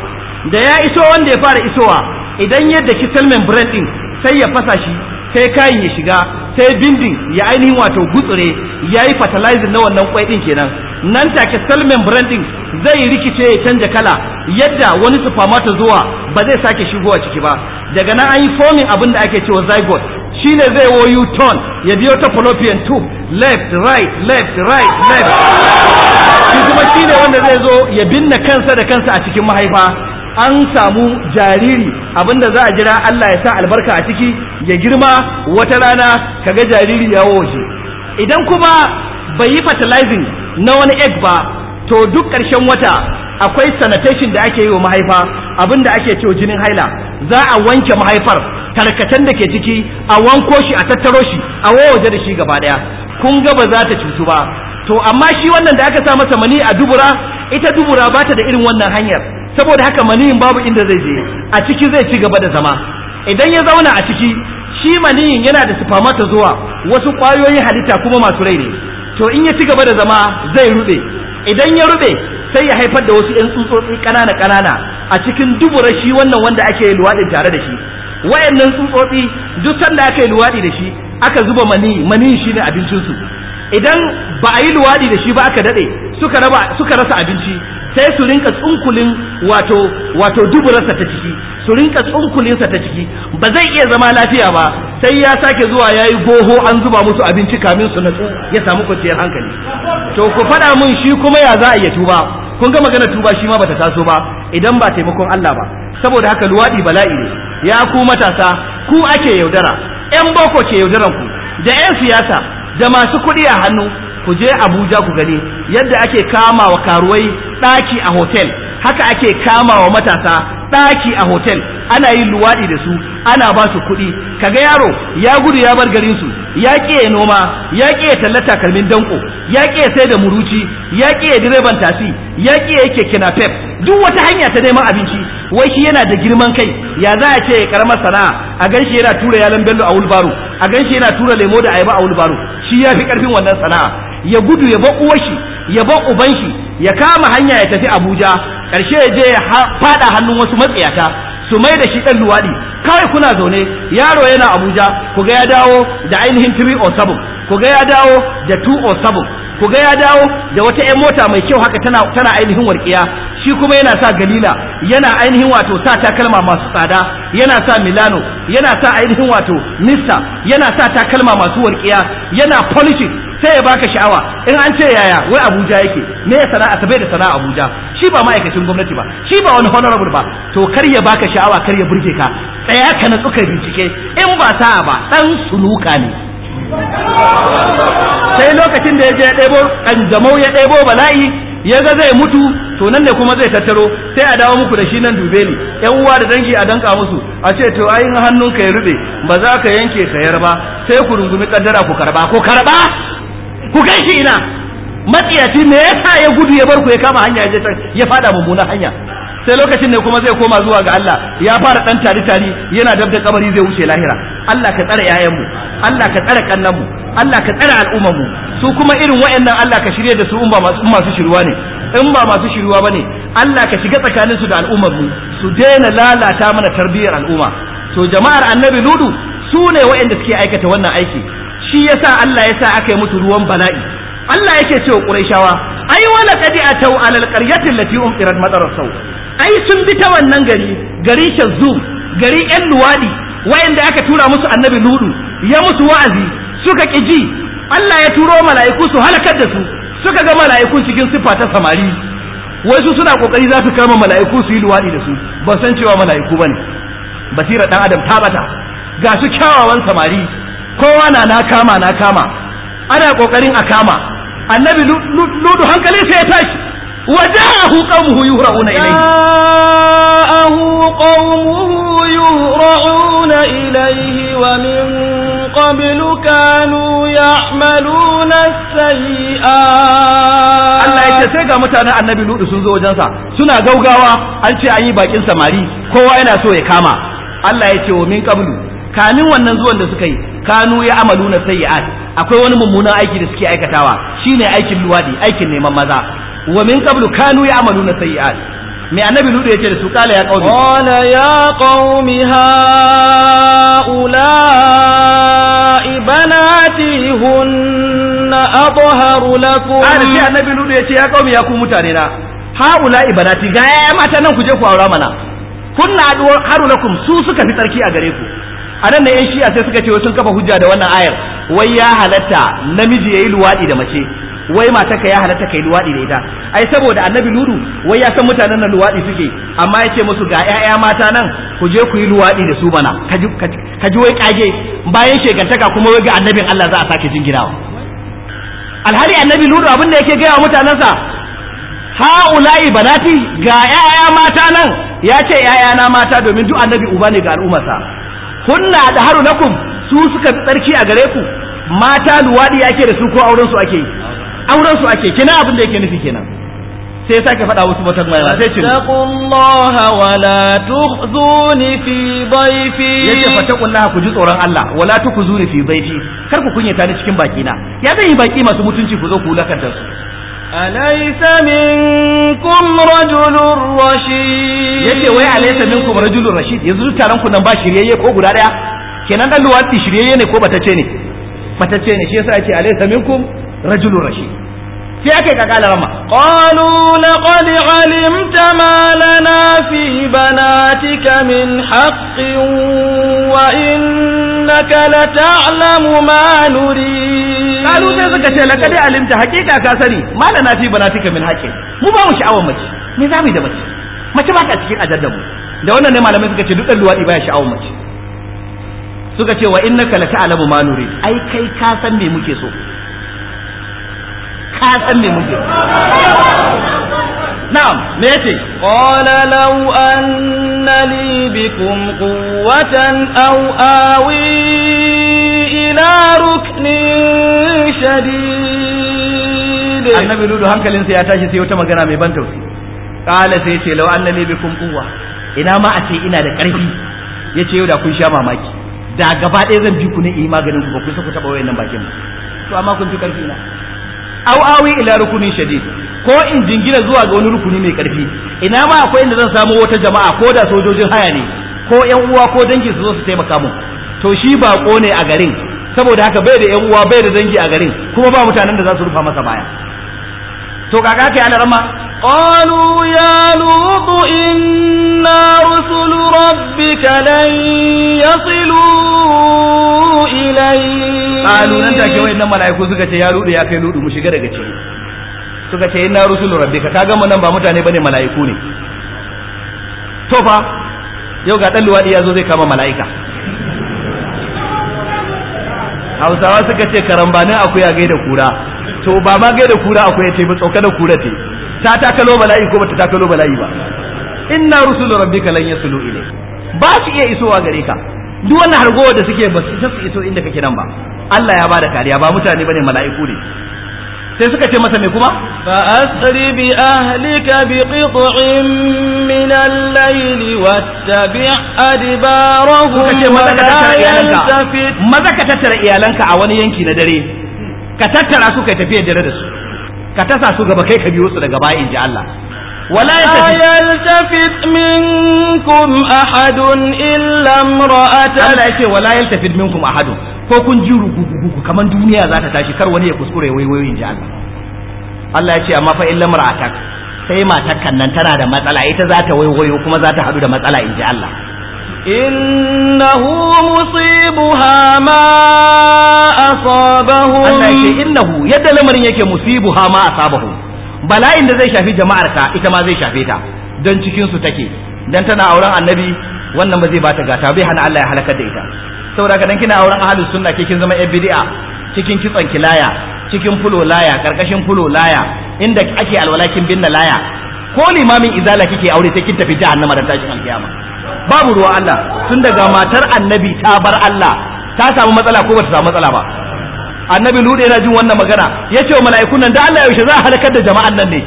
da ya iso wanda ya fara isowa idan yadda ki cell membrane din sai ya fasa shi sai kayan ya shiga sai bindin ya ainihin wato gutsure ya yi fertilizer na wannan kwai din kenan nan take cell membrane din zai rikice ya canja kala yadda wani supermarket zuwa ba zai sake shigowa ciki ba daga nan an yi forming abin da ake cewa zygote shine zai wo u-turn ya biyo ta fallopian tube left right left right left shi kuma shine wanda zai zo ya binne kansa da kansa a cikin mahaifa an samu jariri abinda za a jira Allah ya sa albarka a ciki ya girma wata rana kaga jariri ya waje idan kuma bai yi fertilizing na wani egg ba to duk ƙarshen wata akwai sanitation da ake yi wa mahaifa abinda ake cewa jinin haila za a wanke mahaifar tarkacen da ke ciki a wanko shi a tattaro shi a waje da shi gaba daya kun ga ba za ta cutu ba to amma shi wannan da aka sa masa mani a dubura ita dubura ba ta da irin wannan hanyar saboda haka maniyin babu inda zai je a ciki zai ci gaba da zama idan ya zauna a ciki shi maniyin yana da sifamata zuwa wasu kwayoyin halitta kuma masu rai ne to in ya ci gaba da zama zai rube idan ya rube sai ya haifar da wasu 'yan tsutsotsi ƙanana ƙanana a cikin dubura shi wannan wanda ake luwaɗi tare da shi wayannan tsutsotsi duk sanda aka yi luwaɗi da shi aka zuba mani mani shi ne abincinsu idan ba a yi luwaɗi da shi ba aka daɗe suka raba suka rasa abinci sai su rinka tsunkulin wato wato duburarsa ta ciki su rinka tsunkulinsa ta ciki ba zai iya zama lafiya ba sai ya sake zuwa ya yi goho an zuba musu abinci kamin su natsu ya samu kwanciyar hankali to ku faɗa mun shi kuma ya za a iya tuba kun ga magana tuba shi ma bata taso ba idan ba taimakon Allah ba saboda haka luwaɗi bala'i ne ya ku matasa ku ake yaudara yan boko ke yaudaran ku da yan siyasa da masu kuɗi a hannu ku je Abuja ku gani yadda ake kama wa karuwai ɗaki a hotel haka ake kama wa matasa ɗaki a hotel ana yin luwaɗi da su ana ba su kuɗi kaga yaro ya gudu ya bar garin su ya ya noma ya ya talla takalmin danko ya ya sai da muruci ya ya direban tasi ya ya yake kinafef duk wata hanya ta neman abinci wai shi yana da girman kai ya za a ce ya karamar sana'a a gan shi yana tura yalan bello a wulbaro a gan shi yana tura lemo da ayaba a wulbaro shi ya fi karfin wannan sana'a ya gudu ya bar uwar shi ya bar uban shi ya kama hanya ya tafi Abuja karshe ya je ya fada hannun wasu matsiyata su mai da shi dan luwadi kawai kuna zaune yaro yana Abuja ku ga ya dawo da ainihin 307 ku ga ya dawo da 207 ku ga ya dawo da wata 'yan mota mai kyau haka tana tana ainihin warkiya shi kuma yana sa galila yana ainihin wato sa takalma masu tsada yana sa milano yana sa ainihin wato mista yana sa takalma masu warkiya yana polishing sai ya baka sha'awa in an ce yaya wai abuja yake me ya sana'a bai da sana'a abuja shi ba ma'aikacin gwamnati ba shi ba wani honorable ba to kar ya baka sha'awa kar ya burge ka tsaya ka na tsukar bincike in ba sa'a ba dan suluka ne sai lokacin da ya je ya ɗebo ƙanjamau ya ɗebo bala'i ya ga zai mutu to nan ne kuma zai tattaro sai a dawo muku da shi nan dube ni yan uwa da dangi a danka musu a ce to hannun ka ya rube ba za ka yanke sayar ba sai ku rungumi kaddara ku karba ku karba ku kai shi ina matsiyaci me yasa ya gudu ya bar ku ya kama hanya ya je ya fada mummunan hanya sai lokacin ne kuma zai koma zuwa ga Allah ya fara dan tari tari yana dab da kabari zai wuce lahira Allah ka tsare yayanmu Allah ka tsare kannanmu Allah ka tsare al'ummarmu su kuma irin wayannan Allah ka shirye da su in ba masu masu shirwa ne in ba masu shirwa bane Allah ka shiga tsakanin su da mu su daina lalata mana tarbiyyar al'umma to jama'ar annabi ludu su ne wayanda suke aikata wannan aiki shi yasa Allah yasa aka yi mutu ruwan bala'i Allah yake cewa Qurayshawa ai wala kadi atau alal qaryati allati umtirat madarar sau ai sun bi ta wannan gari gari shazzu gari yan luwadi wayanda aka tura musu annabi ludu ya musu wa'azi suka kiji Allah ya turo mala'iku su halakar da su suka ga mala'ikun cikin sifa ta samari wai su suna kokari za su kama mala'iku su yi luwadi da su ba san cewa mala'iku bane basira dan adam ta bata ga su kyawawan samari kowa na na kama na kama ana kokarin a kama annabi ludu hankali sai ya tashi وجاءه قومه يهرعون إليه جاءه قومه يهرعون إليه ومن قبل كانوا يعملون السيئات Allah ya ce sai ga mutanen annabi Lutu sun zo wajensa suna gaugawa an ce an yi bakin samari kowa yana so ya kama Allah ya ce wa min qablu kamin wannan zuwan da suka yi kanu ya amalu na sayyi'at akwai wani mummunan aiki da suke aikatawa shine aikin luwadi aikin neman maza wa min qablu kanu ya'maluna sayyi'at mai annabi ludu ya ce da su kala ya qaumi kala ya ha haula ibanati hunna adharu lakum a da annabi ludu ya ce ya qaumi ya ku mutane na ula ibanati ga ya mata nan kuje ku aura mana kunna adharu lakum su suka fi tsarki a gare ku a nan da yan shi'a sai suka ce sun kafa hujja da wannan ayar wai ya halatta namiji yayi luwadi da mace wai matarka ya halatta kai luwadi da ita ai saboda annabi ludu wai ya san mutanen nan luwadi suke amma ya ce musu ga ƴaƴa mata nan ku je ku yi luwadi da su bana ka ji wai kage bayan shegantaka kuma wai ga annabin Allah za a sake jinginawa alhari annabi ludu abin da yake gaya wa mutanensa ha'ula'i banati ga ƴaƴa mata nan ya ce na mata domin duk annabi uba ne ga al'ummarsa Kunna da haru lakum su suka fi tsarki a gare ku mata luwaɗi ake da su ko auren su ake yi auren su ake kina abin da yake nufi kenan sai sake faɗa wasu wata mai sai ce taqullaha wala tukhzuni fi dhayfi yace fa taqullaha ku ji tsoron Allah wala tukhzuni fi dhayfi kar ku kunyata ni cikin baki na ya zan yi baki masu mutunci ku zo ku lakanta su أليس منكم رجل rashid. yace wai alaysa minkum rajulun rashid yanzu taron ku nan ba shiryayye ko guda daya kenan dan luwati shiryayye ne ko bata ce ne bata ce ne shi yasa yace alaysa minkum rajulun rashid sai aka yi kakala rama qalu laqad alimta ma lana fi banatika min haqqin wa innaka lata'lamu ma nuri qalu sai suka ce laqad alimta hakika ka sani ma lana fi banatika min haqqin mu ba mu sha'awar mace me za mu da mace mace ba ta cikin ajandar mu da wannan ne malamai suka ce duk dan luwadi baya sha'awar mace suka ce wa innaka lata'lamu alamu nuri ai kai ka san me muke so ka san muke na'am me yace qala law anna li bikum quwwatan aw awi ila ruknin shadid annabi hankalin hankalinsa ya tashi sai wata magana mai ban tausayi qala sai yace law anna li bikum quwwa ina ma a ce ina da karfi yace yau da kun sha mamaki da gaba ɗaya zan ji ku ne in yi maganin ku ba ku saka taɓa wayannan bakin ba. to amma kun fi karfi na au awi ila rukunin shadid ko in jingina zuwa ga wani rukuni mai karfi ina ma akwai inda zan samu wata jama'a ko da sojojin haya ne ko yan uwa ko dangi su zo su taimaka mu to shi bako ne a garin saboda haka bai da yan uwa bai da dangi a garin kuma ba mutanen da za su rufa masa baya to kaga kai ana rama qalu ya lutu inna rusul rabbika lan yasilu ilayhi qalu nan take wayannan malaiku suka ce ya rudu ya kai ludu mu shiga daga ciki suka ce inna rusulu rabbika kaga mu nan ba mutane bane malaiku ne to fa yau ga dan luwadi ya zo zai kama malaika Hausawa suka ce karambanin akuya gaida kura to ba ma gaida kura akuya ce ba tsoka da kura ce ta takalo bala'i ko bata takalo bala'i ba inna rusulu rabbika lan yasulu ilayk ba su iya isowa gare ka duk wannan hargowar da suke ba su su iso inda kake nan ba Allah ya bada kariya ba mutane bane mala'iku ne sai suka ce masa me kuma fa asri bi ahlika bi qit'in min al-layl wattabi' adbarahum suka ce maza ka tattara iyalanka maza ka tattara iyalanka a wani yanki na dare ka tattara su kai tafiyar dare da su ka tasa su gaba kai ka biyo su daga baya in ji Allah ولا يلتفت منكم أحد إلا امرأته Allah yake wala yaltafid minkum ahadu ko kun ji rugugugu kaman duniya za ta tashi kar wani ya kuskure waiwayoyin ji Allah Allah ya ce amma fa illa mar'atak sai matar kan nan tana da matsala ita za ta waiwayo kuma za ta hadu da matsala in ji Allah innahu musibuha ma asabahum Allah ya ce innahu yadda lamarin yake musibuha ma asabahum bala'in da zai shafi jama'ar ka ita ma zai shafe ta don cikin su take dan tana auren annabi wannan ba zai bata gata bai hana Allah ya halakar da ita saboda ka dan kina auren ahlus sunna ke kin zama yan bid'a cikin kitsan kilaya cikin fulo laya karkashin fulo laya inda ake alwalakin binna laya ko limamin izala kike aure ta kin tafi jahannama da tashin alkiyama babu ruwa Allah tun daga matar annabi ta bar Allah ta samu matsala ko bata samu matsala ba annabi lude yana jin wannan magana ya ce wa mala'ikun nan da Allah yaushe za a halakar da jama'an nan ne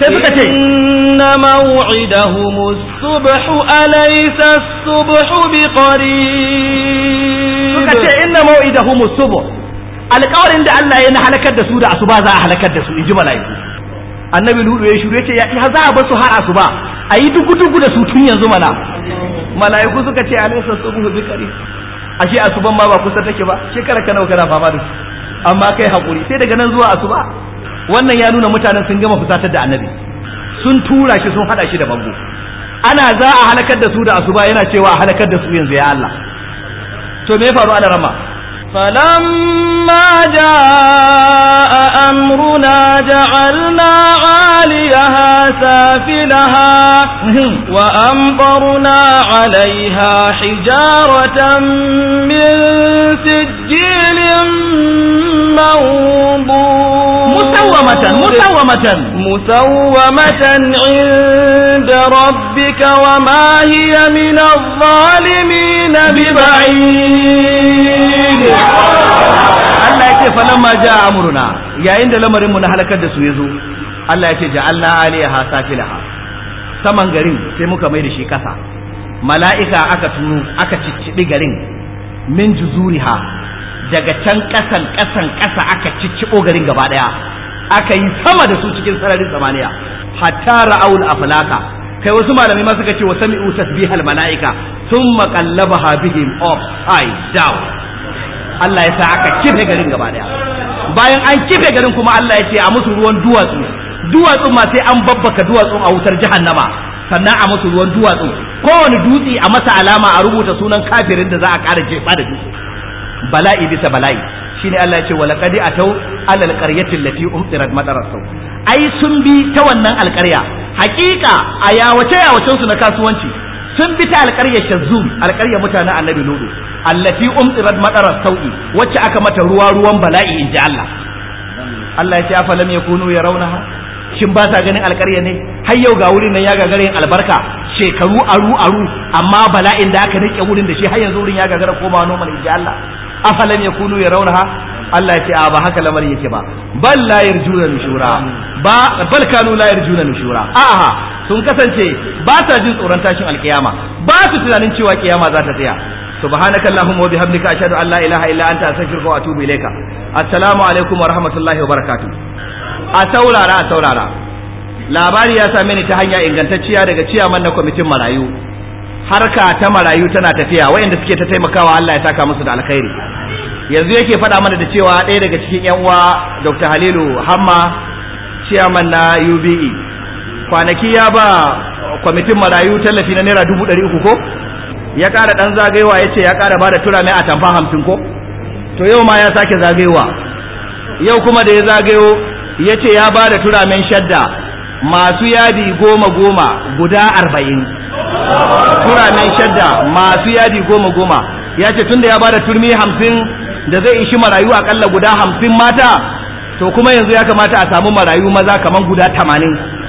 sai suka ce inna maw'idahum as-subh alaysa as-subh biqarib suka ce inna maw'idahum as-subh alƙawarin da Allah yana halakar da su da asuba za a halakar da su ji mala'iku annabi lude ya shuru ya ce ya za a bar su har asuba ayi duku duku da su tun yanzu mana mala'iku suka ce alaysa as-subh biqarib ashe asuban ma ba kusa take ba shekara ka nawa kana fama da su amma kai hakuri sai daga nan zuwa asuba wannan ya nuna mutanen sun gama fusatar da annabi sun tura shi sun hada shi da bango ana za a halakar da su da asuba yana cewa a halakar da su yanzu ya Allah to me ya faru ana rama فلما جاء أمرنا جعلنا عاليها سافلها وأمطرنا عليها حجارة من سجيل منظور مسومة مسومة مسومة عند ربك Allah ya ce falamma ja amruna yayin da lamarinmu na halakar da su ya zo Allah ya ce ja'alna aliyaha safilaha saman garin sai muka mai da shi kasa mala'ika aka tunu aka ciccibi garin min juzuriha daga can kasan kasan ƙasa aka cici garin gaba daya aka yi sama da su cikin sararin samaniya hatta ra'aul aflaka kai wasu malamai ma suka ce wa sami'u tasbihal mala'ika thumma qallabaha bihim high down Allah ya sa aka kife garin gaba daya bayan an kife garin kuma Allah ya ce a musu ruwan duwatsu duwatsu ma sai an babbaka duwatsu a wutar jahannama sannan a musu ruwan duwatsu kowane dutse a masa alama a rubuta sunan kafirin da za a kara jefa da dutse bala'i bisa bala'i shine Allah ya ce wa laqad atau alal qaryati allati umtirat madarasu ai sun bi ta wannan alƙarya hakika a yawace yawacen su na kasuwanci sun bi ta alƙaryar Shazum alƙaryar mutanen Annabi Nuhu allati umtirat madarasu sauki wacce aka mata ruwa ruwan bala'i inji Allah Allah ya ce lam yakunu yarawnaha shin ba sa ganin alƙarya ne har yau ga wurin nan ya gagara yin albarka shekaru aru aru amma bala'in da aka rike wurin da shi har yanzu wurin ya gagara koma noma ji Allah kunu ya yarawnaha Allah ya ce a ba haka lamarin yake ba bal la yarjuna nushura ba bal kanu la yarjuna nushura a'a sun kasance ba ta jin tsoron tashin alkiyama ba su tunanin cewa kiyama za ta tsaya subhanaka allahumma wa bihamdika ashhadu an la ilaha illa anta astaghfiruka wa atubu ilayka assalamu alaikum wa rahmatullahi wa barakatuh a saurara a saurara labari ya same ni ta hanya ingantacciya daga ciyaman na kwamitin marayu harka ta marayu tana tafiya wayanda suke ta taimakawa Allah ya saka musu da alkhairi yanzu yake faɗa mana da cewa ɗaya daga cikin yan uwa Dr. Halilu Hamma chairman na UBE kwanaki ya ba kwamitin marayu tallafi na naira dubu ɗari uku ko ya ƙara ɗan zagayewa ya ce ya kara ba da tura mai a tamfa hamsin ko to yau ma ya sake zagayewa yau kuma da ya zagayo ya ce ya ba da turamen shadda masu yadi goma goma guda arba'in tura nan shadda masu yadi goma goma ya ce tunda ya bada turmi hamsin da zai ishi marayu akalla guda hamsin mata to kuma yanzu ya kamata a samu marayu maza kamar guda tamanin